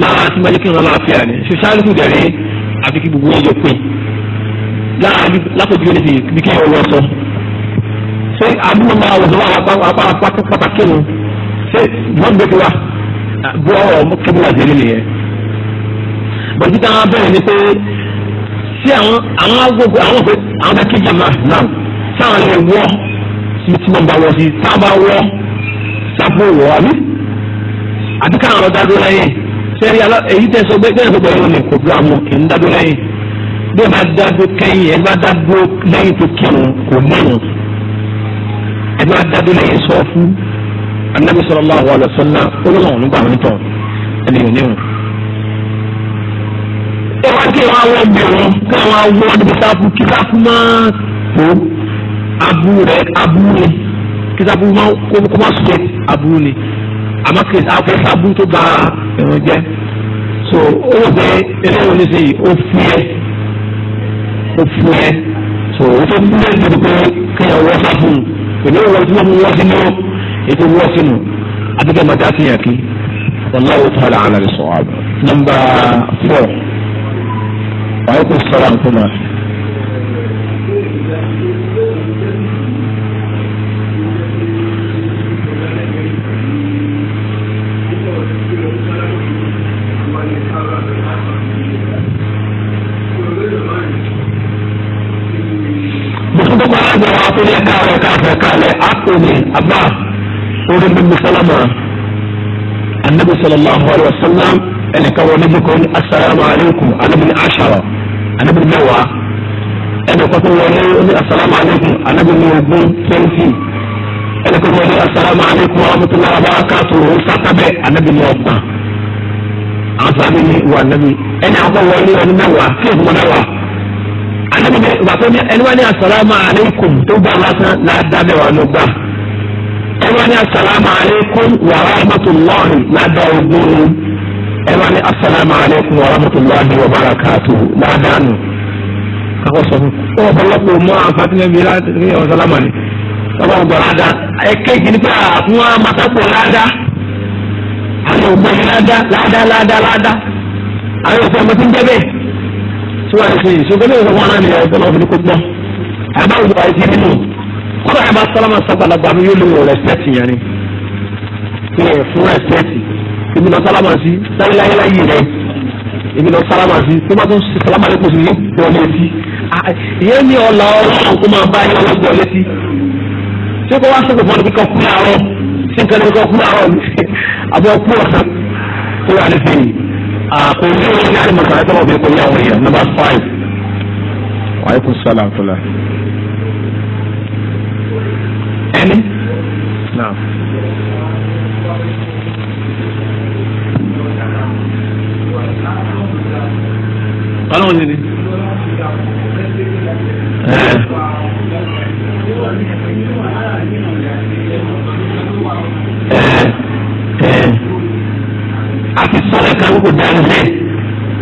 lára máa yẹ kí n rán láàfíà ni ṣe ṣáàtù dẹ̀rẹ̀ àfi kí gbogbo ọjọ́ pé lápòjú ní ti bí kéèyàn wọ sọ ṣé àbúrò máa wọ̀ apa pàtàkì nù ṣé wọ́n gbé kí wa bú ọ̀rọ̀ kébù wà délé nìyẹn. bọ̀dú táwọn bẹ̀rẹ̀ ni pé ṣé àwọn àwọn agogo àwọn pé àwọn akẹ́ jàmá náà táwọn lè wọ́ sí tí wọ́n bá wọ́ sí táwọn bá wọ́ sápò wọ́ àbí àbí káwọn ọ̀dà dúró lẹ́yìn èyí tẹ́ sọ pé bẹ́ẹ̀ sọ pé ẹ̀rọ ni kò dúró àwọn kì í dá dúró bí ẹ bá dágbó kẹ́yìn ẹ bá dágbó lẹ́yìn tó kírun kò mọ̀ràn ẹ bá dágbó lẹ́yìn sọ fún anabi sallallahu alaihi wasallam olóòwò nígbà wọn tán ẹni ò níwọ̀n. ó wá sí àwọn àwọn obìnrin káwọn awọ níbi sáfù kí sáfù máa tó abu rẹ abu ni kí sáfù máa kó máa sọ abu ni àmọ́ kí sáfù tó bá ẹ̀wọ̀n jẹ́ so ó wọ́n pé ẹlẹ́wọ̀n ní sèyí ó fi ẹ́ ó fún ẹ so ó tó fún ẹ ju pé kéèyàn wọ́ sá fún un èmi ò wọ tí wọ́n mú wọ́ sínú ètò wọ́ sínú àbíkẹ́ máa dá yàn kí wàláwó tó àlà àlà sọ̀rọ̀ àbẹ̀. nọmba fọ wàá kó sọ̀rọ̀ àǹkóná. ti lẹ̀ káfẹ́ káfẹ́ kálẹ̀ àpòmì àbá orí bíbí sálámà anabi sallallahu alayhi wa sallam ẹnìkan wọn níbi kan asalaamu alaykum anabi ní aṣara anabi ní mẹ́wàá ẹnìkan tó wọlé ní asalaamu alaykum anabi ní ogún twenty ẹnìkan tó wọlé asalaamu alaykum wa rahmatulahi wa barakatuhu sátábẹ anabi ní ọgbà àwọn sábẹ ní wà anabi ẹnì àkọwọlé ọdún mẹ́wàá tí èkó mọ ìgbà tó ní ẹni wá ní asalaamu aleykum tó gbà lásán ládàá mẹ́wàá ló gbà ẹni wá ní asalaamu aleykum wa rahmatulahi ládàá ogún ẹni wá ní asalaamu aleykum wa rahmatulahi wa barakatu ládàá nù. kakọ sọ fún ọ ọ̀pọ̀lọpọ̀ mọ àǹfààní ẹbí láti rí ọsàlámù alẹ ọba ọgbà ládàá ẹkẹjì nípa àwọn amátakọ ládàá àwọn ògbẹ́ni ládàá ládàá ládàá ládàá àwọn òfin ọmọ tí ń jẹ bẹ́ẹ̀ wà ní sèyí ṣùgbọ́n lè wọ́n náà nìyẹn tó lọ́ọ́ fi kó gbọ́ àbá òjò àìsí nínú kọ́ra ẹ̀ bá sálámà sàgbàlagbà mi yóò lè wọ̀ rẹ́sẹ̀tì yẹn ni yẹ fún rẹ́sẹ̀tì ibi lọ sálámà sí láyéláyé rẹ ibi lọ sálámà sí tó bá tún sálámà lẹ́kọ̀ọ́ sí yóò gbọ́ létí ìyẹn ní ọ̀la ọ̀rọ̀ kó máa bá yẹn lọ́gbọ̀ létí ṣé kó wá sọ̀rọ̀ fún ọ̀dọ́ kíkọ́ kúrò àárọ̀ àpò ah, bí wọn ní àdìmọ̀ sáré tọ́wọ́ bẹ́ẹ̀ pẹ̀lú number five. wàhálà sọlá àfọlá. ẹni. ọlọ́run ní ni. ẹ̀ẹ́. àti sọ́lẹ̀ kan kò dá nílẹ̀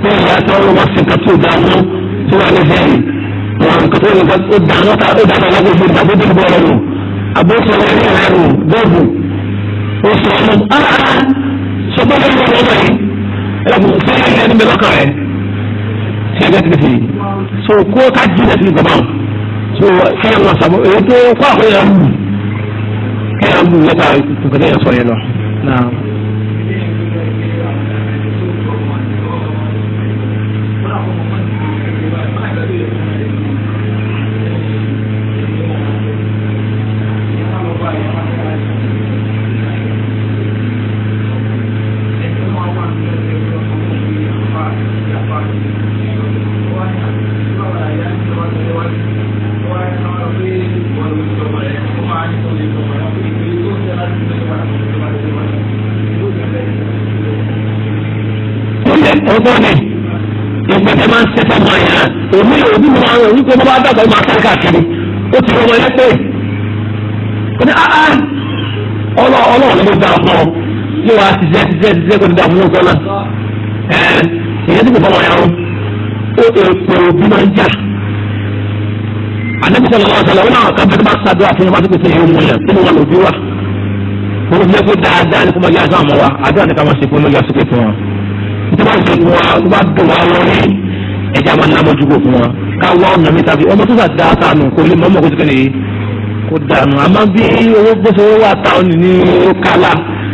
ní ìyá tó ń wọ́n sì kan tó dá wọn tó wà nílẹ̀ yìí wọn kò tó nǹkan tó dá wọn ká ó dá wọn lọ́gbọ̀n fún ìdàgbò tó ń bọ̀ lọ́nu àbóso wọn ní ìlànà bọ́ọ̀bù ó sọ ah, ah, ah, ọmọ áá sọ bọ́ọ̀bù ní ọmọ yìí ẹ̀rọ sọ́lẹ̀ yẹn ní bẹ́ẹ̀ lọ́kàn rẹ̀ ṣe ẹgbẹ́ tìbìtì so kó ká jí lẹ́sìn ìgbàmọ́ so kẹ́yìn wọn sàbọ̀ èyí tó kọ́ àkóyè àmì kẹ́yìn àmì lẹ́ta ìkùnkùn ọgbọ́n ni ìgbẹ́jẹ́ máa ń ṣe fún ọmọ yẹn òní òní mo máa ń òní kó mo bá dàgbà máa sáré káàkiri ó ti rọmọ yẹn pé ó ní áá ah, ah, ọlọ ọlọ ló ọmọ yóò wá kó ní ọgbọ́n náà ìyẹn ti kò o sọlọ sọlọ wọn àwọn máa fún tó yẹn nínú wọn lòdì dáadáa ní kó máa yá wa àdúrà ṣe kó fún tó bá sì wá tó bá dùn wá lórí ẹ̀jẹ̀ àwọn alámọ̀júgbò fún wọn ká wá ọ̀nà mi tàbí ọmọ tó bá dá sànù kó lè mọ́mọ́ kó ti kẹ́lẹ́ yìí kó dànù àmọ́ bí owó gbèsè owó wà táwọn ní kálá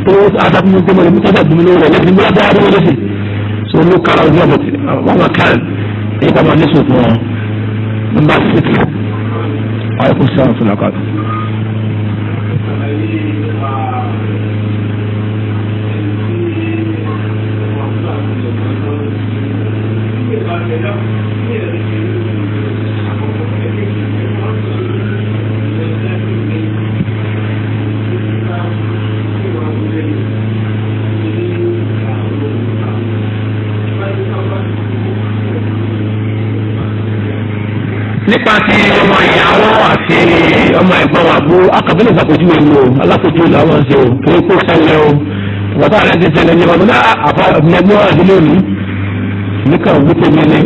tó adágún tó mọ̀ ní tó bá dùn mí lórí ẹ̀ lẹ́sìn bóyá dáhà lórí lẹ́sìn so ló kára ojú ọmọ tí ọmọ kan èyí ká máa ní sùn fún wọn nígbà tí ó ti wáyé kó sí àwọn akàbílẹ̀ ìsàpèjúwe ah, ni o alápèjúwe làwọn ṣe o kò kó ṣẹlẹ̀ o bàbá rẹ̀ ti ṣẹlẹ̀ ní ọdún náà àfa ẹgbẹ́ wọn àti lónìí nìkan òbí tèmi ni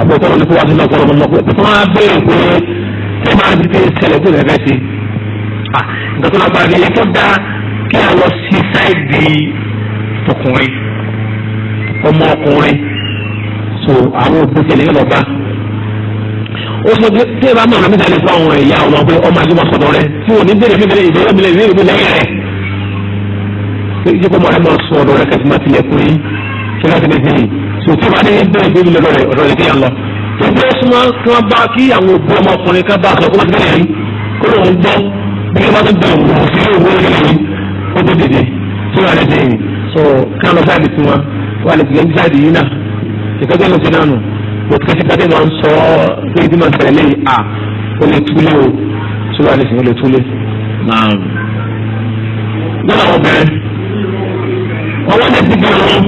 àbẹ̀tọ́rọ̀ ní kó wá sí lọ́kọ̀ọ́ lọ́kọ̀ọ́ tó máa béèrè pé ṣé máa ti ṣẹlẹ̀ tó lẹ́fẹ̀ẹ́ sí. nǹkan tó lágbára ni ẹ̀kọ́ dá kí a lọ sí sáìdì ọkùnrin ọmọ ọkùnrin so àwọn òbí tèmi lọ́ba oṣù tí ẹ bá mọ̀ lómi sáré fún àwọn ẹ̀yà ọmọ pé ọmọ àti ọmọ sọ̀tọ̀ rẹ tí wọn ní bèrè mi bèrè ìbéèrè mi lè rí mi lẹ́yìn rẹ̀. ṣé kí ọmọ rẹ máa sọ ọ̀dọ̀ rẹ kẹsì máa tilẹ̀ fún yín kí láti lè fi so tí wọn ní bẹ̀rẹ̀ ìbéèrè mi lọ́dọ̀ rẹ ọ̀dọ̀ rẹ kéèyàn lọ. tó bí ó súnmọ́ kí wọ́n bá kí àwọn òbí ọmọkùnrin ká bá a sọ kó wọ́n ti bẹ̀rẹ̀ yín kó lóun gbọ́ bí wọ́n ti bẹ̀rẹ̀ wò sí òwò rẹ̀ yín ó tó dèdè tí wọ́n rẹ̀ dé yín so ká lọ sáà pẹ̀lẹ́pẹ̀lẹ́ máa ń sọ ọ́ pé ibi máa ń tẹ̀lé à ó lè túlé o túlé àlè sì ó lè túlé. lọ́nà àwọn obìnrin wọ́n wọ́n lè ti bí wọn.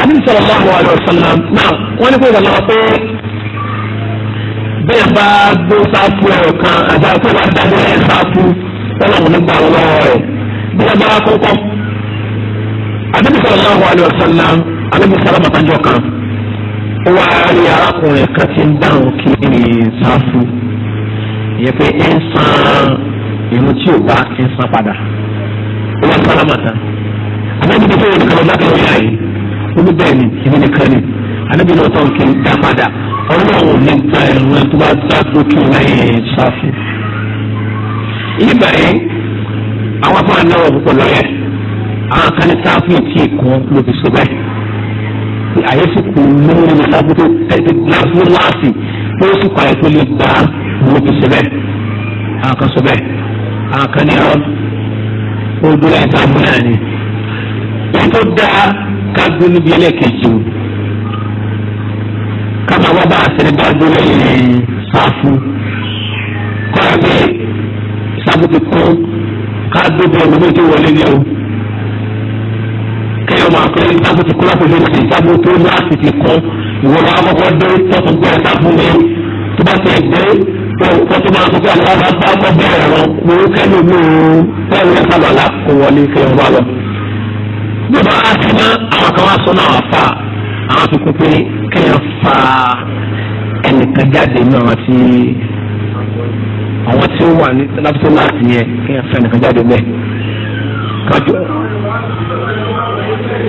àní sọ̀rọ̀ láwọn àlọ́ sọ̀lá náà wọ́n ní kó ìgbà lọ́wọ́ pé bẹ́ẹ̀ bá gbó sáfù ẹ̀rọ kan àti àti wàá dájọ́ ẹ̀ sáfù lọ́nà àwọn onígbà lọ́wọ́ rẹ̀ bí wọ́n bá kọ́kọ́. àdébísọ̀rọ̀ láwọn àlọ́ sọ̀lá àdébísọ̀rọ̀ màtàjọ́ kan ó wá rí arákùnrin kan tí ń bá òun kiri sáfù ìyẹn pé ń san irun tí ò bá ń san padà ó wá sálámà tán anábì ní fẹ́rẹ̀ nìkan lábẹ́ ọ̀yà yìí olú bẹ́ẹ̀ ni ìbí nìkan ni anábì ní ọ̀tọ̀ nǹkan dá padà ọlọ́run ní gba ẹ̀rù ẹ̀ tó bá dá lókè lẹ́yìn sáfù. ìgbà yẹn àwọn afọ àná ọ̀pọ̀lọpọ̀ lọ́yẹ̀ àwọn kan ní sáfù tí ì kún lóbi sọ bẹ́ẹ̀ àyẹ̀sí kò lóore ní sábútó ẹ̀ẹ́dẹ́ láti láti ó sì pa ẹ̀kọ́ lè gbà á mo ti ṣe bẹ́ẹ̀ àwọn kan sọ bẹ́ẹ̀ àwọn kan ní ọ ó dúró ẹ̀ta mú náà ni tó dáa ká gbé níbi ẹlẹ́ẹ̀kejì o ká máa wá bá àṣírí bá gbé lẹ́yìn sáfù kọ́ra bẹ́ẹ̀ sábútó kún ká gbé bẹ́ẹ̀ mo ní wọlé ní o kéèyàn máa pé sábò ti kúrò àpèjọ ti sábò tó láti ti kún ìwọ máa kọ́kọ́ dé tọ́tù gbẹ sábò mi tó bá ti gbé tọ́tù máa tó kí aláàbá bá kọ́ bẹ̀rẹ̀ rán mo ń kẹ́lò mi ò fẹ́ẹ́ rẹ̀ sábà là kó wọlé kéèyàn wá lọ. bí wọ́n á ti ná àwọn kan wá sọ náà wà fà àwọn fi kún pé kéèyàn fa ẹnìkan jáde náà ti àwọn tí ó wà ní lábísọ́ láti yẹn kéèyàn fa ẹnìkan jáde bẹ́ẹ̀ kájọ.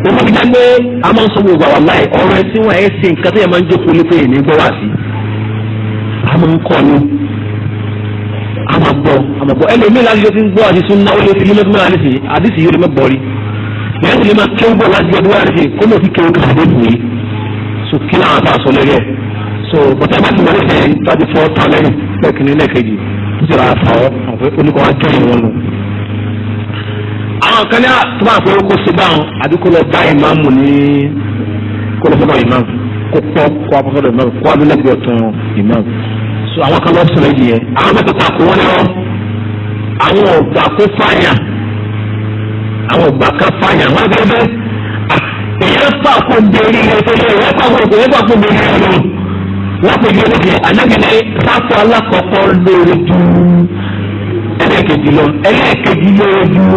òun ti gbé a máa ń sọ gbogbo àwọn láì ọ̀rọ̀ ẹ tí wọn ẹ ṣe nǹkan tó yẹ máa ń jókòó lé pé èmi gbọ́ wá sí a máa ń kọ́ ni a máa gbọ́ a máa gbọ́ ẹlòmíì láti yóò ti ń gbọ́ àti tún náwó lórí ilé mẹ́tọ́ náà lẹ́sìn àdìsí yóò lè má bọ̀ rí ìyá ti lè máa kéwọ́ bọ̀ láti ọdún wáyà lẹ́sìn kó ló fi kéwọ́ kan àdé bùn yìí so kí náà bá a sọ lórí ẹ̀ so bọ́tẹ́ bá ti wọlé ẹ̀ ń tàbí fọ́ tán lẹ́yìn lẹ́kìnrin lẹ́kẹ̀jì ó sì rà àfàwọ́ olùkọ́ wa jẹ́ ìwọ̀n nù àwọn kan ní àtúbà pé kó ṣe bá wọn àbí kó lọ bá ìmáàmù ní kó lọ sọ́dọ̀ ìmáàmù kó pọ́ kó wá sọ́dọ̀ ìmáàmù kó wá bí lẹ́gbẹ̀ẹ́ ọ̀tún ìmáàmù. so àwọn kan lọ sọ̀rọ̀ yìí yẹn àwọn mẹ́ta ta kó wọ́n lọ àwọn ọ̀gbà kó fàyà àwọn ọ̀gbà kan fàyà wọ́n gbé bẹ́ẹ̀ èyàn fà kó bèrè yẹn tó yẹ èyàn fà kó bèrè yẹn tó yẹ lápèjì oníṣẹ́ anágbèlè sáfù alákọ̀ọ́kọ́ lóore ju ẹlẹ́ẹ̀kejì lọ ẹlẹ́ẹ̀kejì lóore ju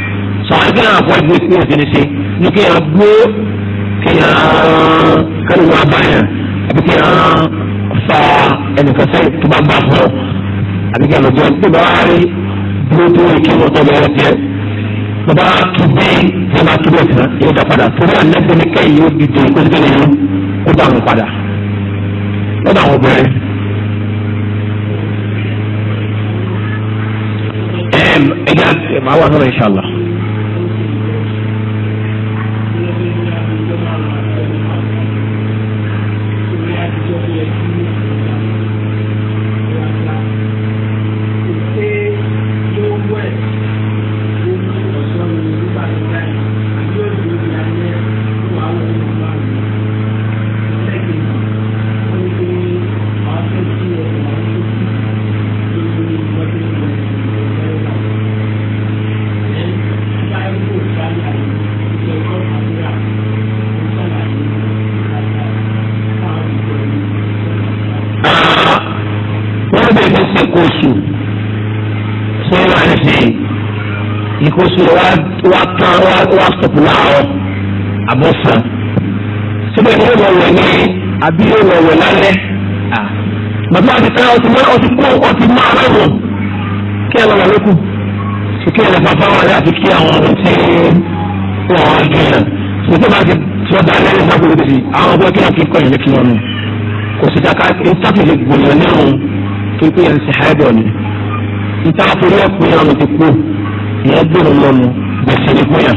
àwọn kí náà fọ ìgbé tí wọn ti ní ṣe ní kí yàn gbó kí yàn kẹ́lẹ́ wọn bá yàn àbí kí yàn fa ẹnìkan sẹ́yìn tó bá bá fún ọ àbí kí yàn lọ́jọ́ tó bá wá rí dúró tó rí kí wọ́n tọ́ bẹ̀rẹ̀ tiẹ̀ bàbá tó bí wọn bá tó bẹ̀ tán yóò dá padà tó bá ní kẹ́yìn yóò di tó kó sílẹ̀ yẹn kó dá wọn oṣù wa wa tán wa wa sọ̀tù láàárọ̀ àbọ̀sán síbẹ̀ ní ìwọ̀n wẹ̀ ní àbí ìwọ̀n wẹ̀ lálẹ́ bàbá àti ká ọtí máa ọtí kú ọtí máa rẹ̀wọ̀n kí ẹ lọ́wọ́ lókù kí ẹ lọ́ bàbá wọn láti kí àwọn ọmọ tí wọ́n wá dùn yàn sọtẹ́ máa ti tí wọ́n bá lẹ́yìn náà gbogbo ti àwọn ọgbọ́n kí wọ́n kí kọ́ ìyẹn kí wọ́n nù kò sí dáká ìtàkùn lè gbòòyàn náà tó kí ẹ̀ ń ṣe háìdọ̀ ni ìtàkùn lẹ́kùn yàn ló ti kú. ìyẹn gbèrò lọ́nu gbèsè ní fúnyà.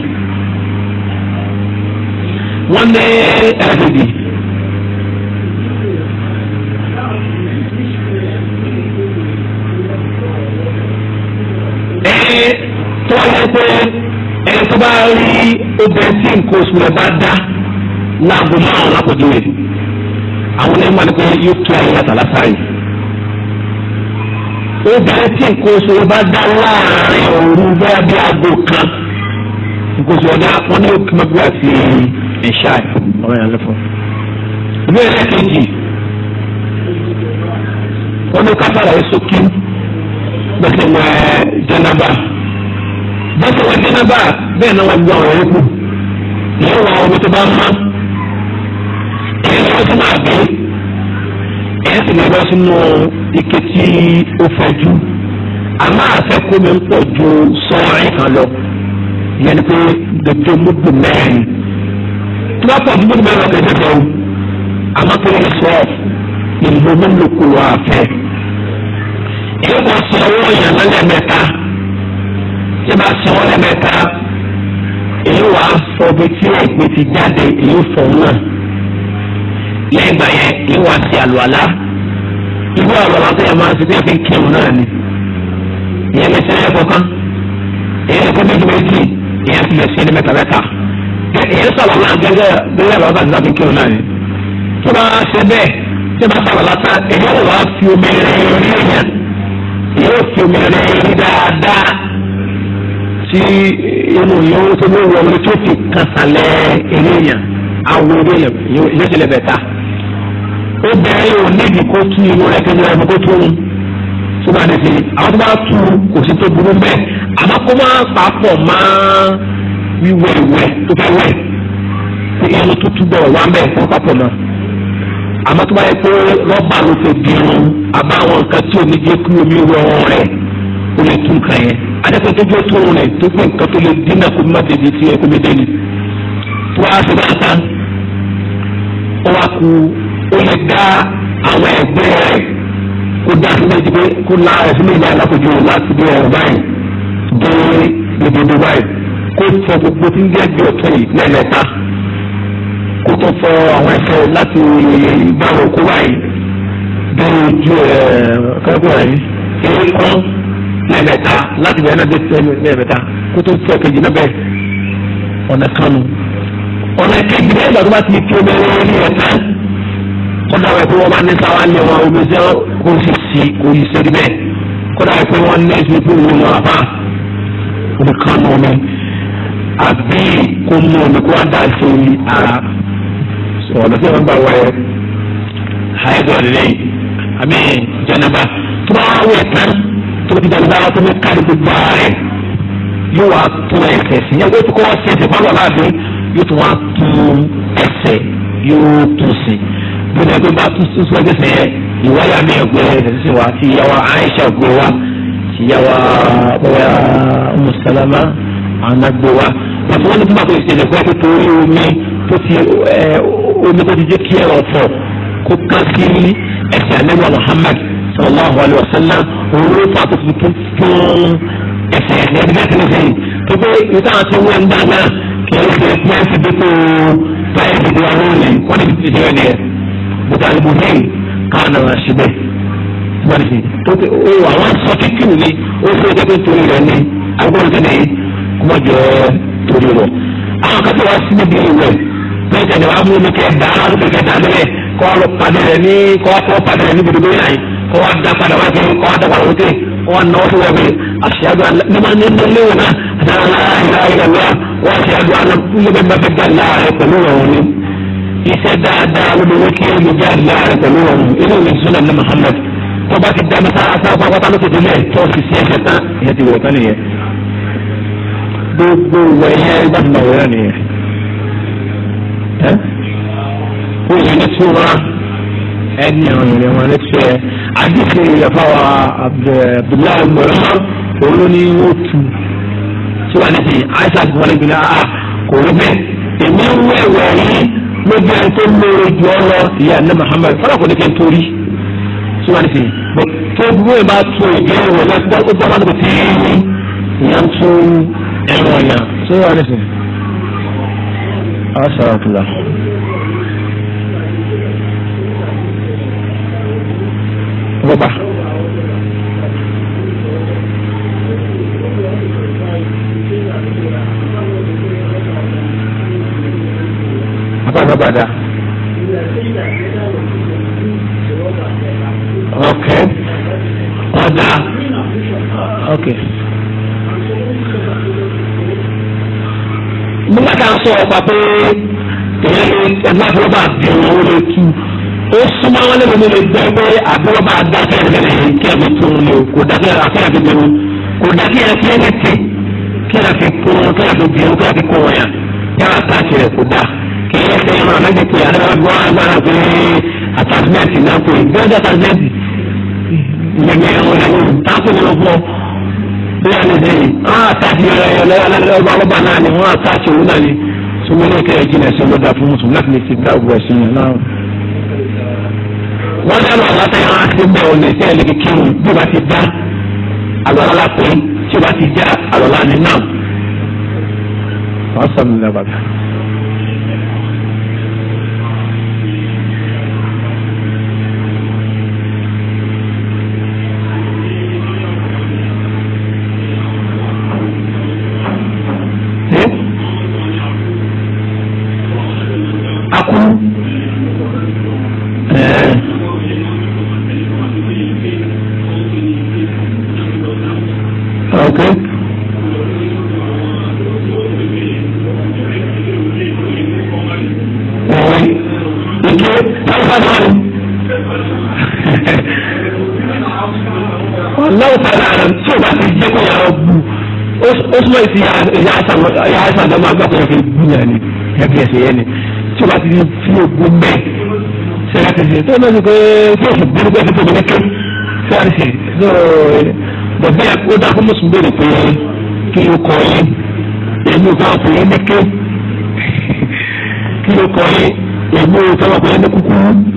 wọ́n ní ẹ̀ẹ́dẹ̀dì. tó wáyé pé ẹni tó bá rí obìnrin tí nǹkan oṣù rẹ̀ bá dá láago márùn-ún lápòjúwe àwọn ẹni wọn pé obìnrin tí nǹkan oṣù rẹ̀ bá dá láàrin òru bẹ́ẹ̀ bí aago kan nǹkan oṣù ọ̀dà wọn ní òkè mọ́gbé àti ìṣá ẹ̀. ọ̀rọ̀ yẹn lẹ́fọ̀. ìwé ẹlẹ́kejì wọn ní kábàrà yẹn sókè bẹ́sẹ̀ wẹ̀ jẹnaba bẹ́sẹ̀ wẹ̀ eh, jẹnaba bẹ́ẹ̀ náà wà gbọ́ àwọn yòókù ìyẹn wà ọmọ tó bá mọ́ máa ẹ̀ sì máa lọ sínú ike tí ó fẹ̀jú àmọ́ àfẹ́kù mi ń pọ̀ ju sọ́ọ̀rì kan lọ ìyẹn ni pé dèjò múdù mẹ́rin tí wọ́n pọ̀ ju múdù mẹ́rin lọ́kẹ́ dẹ̀dẹ̀ o àmọ́ kí wọ́n sọ ìlú mílùkù wà fẹ́ èyí kò sọ owó yẹn lọ́lẹ́ mẹ́ta yẹn bá sọ ọ́ lẹ́mẹ́ta èyí wàá fọ bí tí ẹ̀gbẹ́ ti jáde èyí fọ̀ náà lẹ́yìn ìgbà yẹn ìwà àti àlùwàlá ìwọ àlùwàlá tó yẹ máa ń sèké fi kírun náà ni ìyẹn lè sẹ́yìn kọ̀ọ̀kan ìyẹn lè kó méjì méjì ìyẹn fi lè sẹ́yìn mẹ́ta mẹ́ta ìyẹn sọ̀rọ̀ náà gẹ́gẹ́ gẹ́gẹ́ àlùwàlá tó fi kírun náà ni tó bá ṣe bẹ́ẹ̀ tó bá sọ̀rọ̀ látà ìyẹn lè wá fi omi rẹ̀ rí èèyàn yóò fi omi rẹ̀ rí dáadáa tí inú yóò ní wọlé obìnrin ò níbi kó tú irun rẹ̀ kẹjọ rẹ̀ kó tú òun tó bá ní sí àwọn tó bá tú kò sí tó burú bẹ́ẹ̀ àmọ́ kó má papọ̀ má wíwẹ̀ ìwẹ̀ tó fẹ́ wẹ̀ tí irun tó túbọ̀ wá ń bẹ̀ kó papọ̀ mọ́ àmọ́ tó bá yẹ pé rọ́bà ló fẹ́ di irun àbáwọn nǹkan tí omi jẹ́ kí omi wẹ̀ ọ̀run rẹ̀ ó lè tún kàn yẹn adẹ́pẹ́ tó jẹ́ tó rún rẹ̀ tó fẹ́ nǹkan tó lè dínà kó má débi tí ẹ kó mi dé ni tó wá sí bá a tán ó wá ku ó lè dá àwọn ẹgbẹ́ rẹ̀ kó dá sí méjì pé kó la ẹ̀sìn méjì alákòjú rẹ̀ láti bí ọ̀rọ̀ báyìí dé ìdòdó báyìí kó fọ gbogbo tí ń jẹ́ bí ọ̀tún yìí lẹ́lẹ́ta kó tó fọ àwọn ẹ̀fẹ́ láti ìbára òkú báyìí dé ojú ẹ̀ kẹ́kọ̀ọ́ rẹ̀ yìí kó lẹ́mẹ̀ta láti bẹ̀rẹ̀ náà dé sẹ́nu lẹ́mẹ̀ta kó tó fọ kejì náà bẹ́ẹ̀ ọ̀nà kanu ọ̀nà kejì náà ìgbà tó bá ti fi omi ẹ̀rọ ní ọ̀tá kódà wọ́n pé wọ́n máa ní sáwá lé wọn omi sí kó sì sí orí sẹ́rí bẹ́ẹ̀ kódà wọ́n pé wọ́n ní ẹ̀sìn fún òun náà bá omi kan náà mi àbí kó mú omi kó wá dá sí omi ara ọ̀dọ̀ tí wọ́n gbà wáyé àìsàn lẹ́yìn àbí jẹnaba tó bá wẹ̀ tán tó ti jẹnaba tó ní kárí gbogbo ààrẹ yóò wá tún ẹsẹ̀ sí yẹn wọ́n ti kọ́ ẹsẹ̀ sí fáwọn aláàbí yóò tún wá tún ẹsẹ̀ yóò tún sí bẹ́ẹ̀ tó bá tún sún sọ́jọ́ sẹ́yẹ ìwáyà mi ẹ̀gbẹ́ ẹ̀sìn wa ti yàwá Aisha gbé wa ti yàwá bọ́yá Musalama anagbe wa pàṣẹ wọn ní kí n bá tó ìṣẹ̀lẹ̀ pé torí omi tó ti omi tó ti jẹ́ kí ẹ̀rọ fọ̀ kó ká sí ẹ̀sìn anẹ́wà Muhammad sallallahu alayhi wa sallam òun ló fà tó fi tó fún ẹ̀sìn ẹ̀sìn ẹ̀dí bẹ́ẹ̀ tẹ́lẹ̀ sẹ́yìn tó pé ìta àti wọn ń dáná gbàlùmọ́fẹ́yì káwọn ọ̀rọ̀ ṣe bẹ́ẹ̀ gbàlùfẹ́ tó pé ó àwọn sọ kíkì ni ó fẹ́ jẹ́ pé torí rẹ̀ ni agbọ́n kí ni kúmọ̀ jẹ́ torí rọ̀ àwọn kan tó wá sí níbi ìwẹ̀ bẹ́ẹ̀ kẹ́ni wàá mú mi kẹ́ dá kẹ́ dá lẹ́lẹ̀ kọ́ lọ padà rẹ̀ ní kọ́ kọ́ padà rẹ̀ ní gbogbo yàrá yìí kọ́ wá dá padà wá kẹ́ kọ́ wá dá padà wókè kọ́ wá náwó fún wẹ́ẹ́ aṣáájú alẹ́ ní máa ní lọ́lẹ́wọ̀n náà dáná láàyè láàyè lọ́wọ́ wọ́n aṣáájú alẹ́ kúlẹ̀ bẹ́ẹ̀ bẹ́ẹ̀ bẹ́ẹ̀ gbà láàrẹ̀ pẹ̀lú ọ̀rọ̀ iṣẹ́ dáadáa olówó kí ó lè jẹ́ àdúrà rẹ̀ pẹ̀lú ọ̀hún inú ìwé ìṣúná ní Muhammad tó bá ti dá mi sáà sáà pápátá ló ti délẹ̀ tó ti sí ẹ̀fẹ́ tán ìyẹn ti wọ̀ tán nìyẹn. gbogbo ìwọ bá ti máa wọ̀ yẹn nìyẹn. ó yẹ ní tí wọn ẹni àwọn ènìyàn wọn ní tí ẹ àdìsí ìyàfáwà Abdullahi mọ̀lán olóní ó tu tí wọn ní sìn àìsàn àti wọn ní gbìyànjú ló jẹ́ ẹni tó lóore jù ọ lọ ìyá ní Muhammad fọlá kò ní kí n torí síwájú sí i tó gbogbo ìbá tó ìgbéyàwó wọn lọ sí ọjọ́ bá lóko tí ìyá ń tún ẹ̀rọ ọ̀yà síwájú sí i. asàràtúlà. Bọ́pá. afa náà bàdá. ok ọ̀dà ok. nígbà tá a sọ ọ̀pá pé ẹgbẹ́ àbúrọ́bà bí owó lè tú ó súnmọ́ wọn lè lè gbẹ́ pé àbúrọ́bà dákẹ́ ẹ̀rẹ́ kí ẹ̀mí tó ń lò kó dákẹ́ àfẹ́yà fi bẹ̀rù kó ìyẹn ṣe ìmọ̀ àmẹ́jì pé adájọ́ agbára pé àtàsímẹ́ǹtì náà pé gbọ́dọ̀ àtàsímẹ́ǹtì gbẹgbẹ ẹ̀wọ̀n ẹ̀wọ̀n táàkù nínú fún ọ bóyá ní sẹ́yìn wọ́n àtàkì ọlọ́ba ọlọ́ba náà ni wọ́n àtàkì òun náà ni sọmọlẹ́ kẹ́ ẹ̀ jìnà ẹ̀sìn lọ́dà fún mùsùlùmí láti lè ṣe dáàbò ẹ̀sìn yẹn náà. wọ́n dẹ́nu àlátẹ́yìn wọn àti bẹ́ẹ̀ ò lè ṣe ẹ̀ lè kírun bí wọ́n ti dá àlọ́lá pé tí wọ́n ti já àlọ́lá ni náà. wọ́n sọ mi lẹ́bàá. ti yà á sàn lọ́mọ agbáko yẹ kẹ́ gbúnyà ni yẹ kẹ́ ẹsẹ̀ ni tí o bá ti fi ogun bẹ́ ṣe láti ṣe tó náà ti pé kí oṣù burú bẹ́ẹ̀ tó tóbi lẹ́kẹ́ ṣe láti ṣe tó bọ̀dé ó dá fún mùsùlùmí bèrè pé kí o kọ yín èmi ò fọwọ́ pé yín lẹ́kẹ́ (laughs) kí o kọ yín èmi ò fọwọ́ pé yín lẹ́kúkú.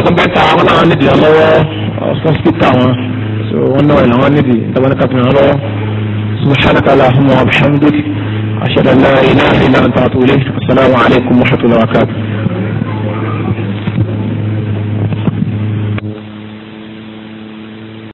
náà tó bẹ́ẹ̀ ta wọn náà nídìí wọn lọ́wọ́ hospital wọn so wọn náà làwọn nídìí táwọn ká tún wọn lọ́wọ́ subhanaka allahumma wa bihamdik ashhadu an la ilaha illa anta atubu ilayk assalamu alaykum wa rahmatullahi wa barakatuh.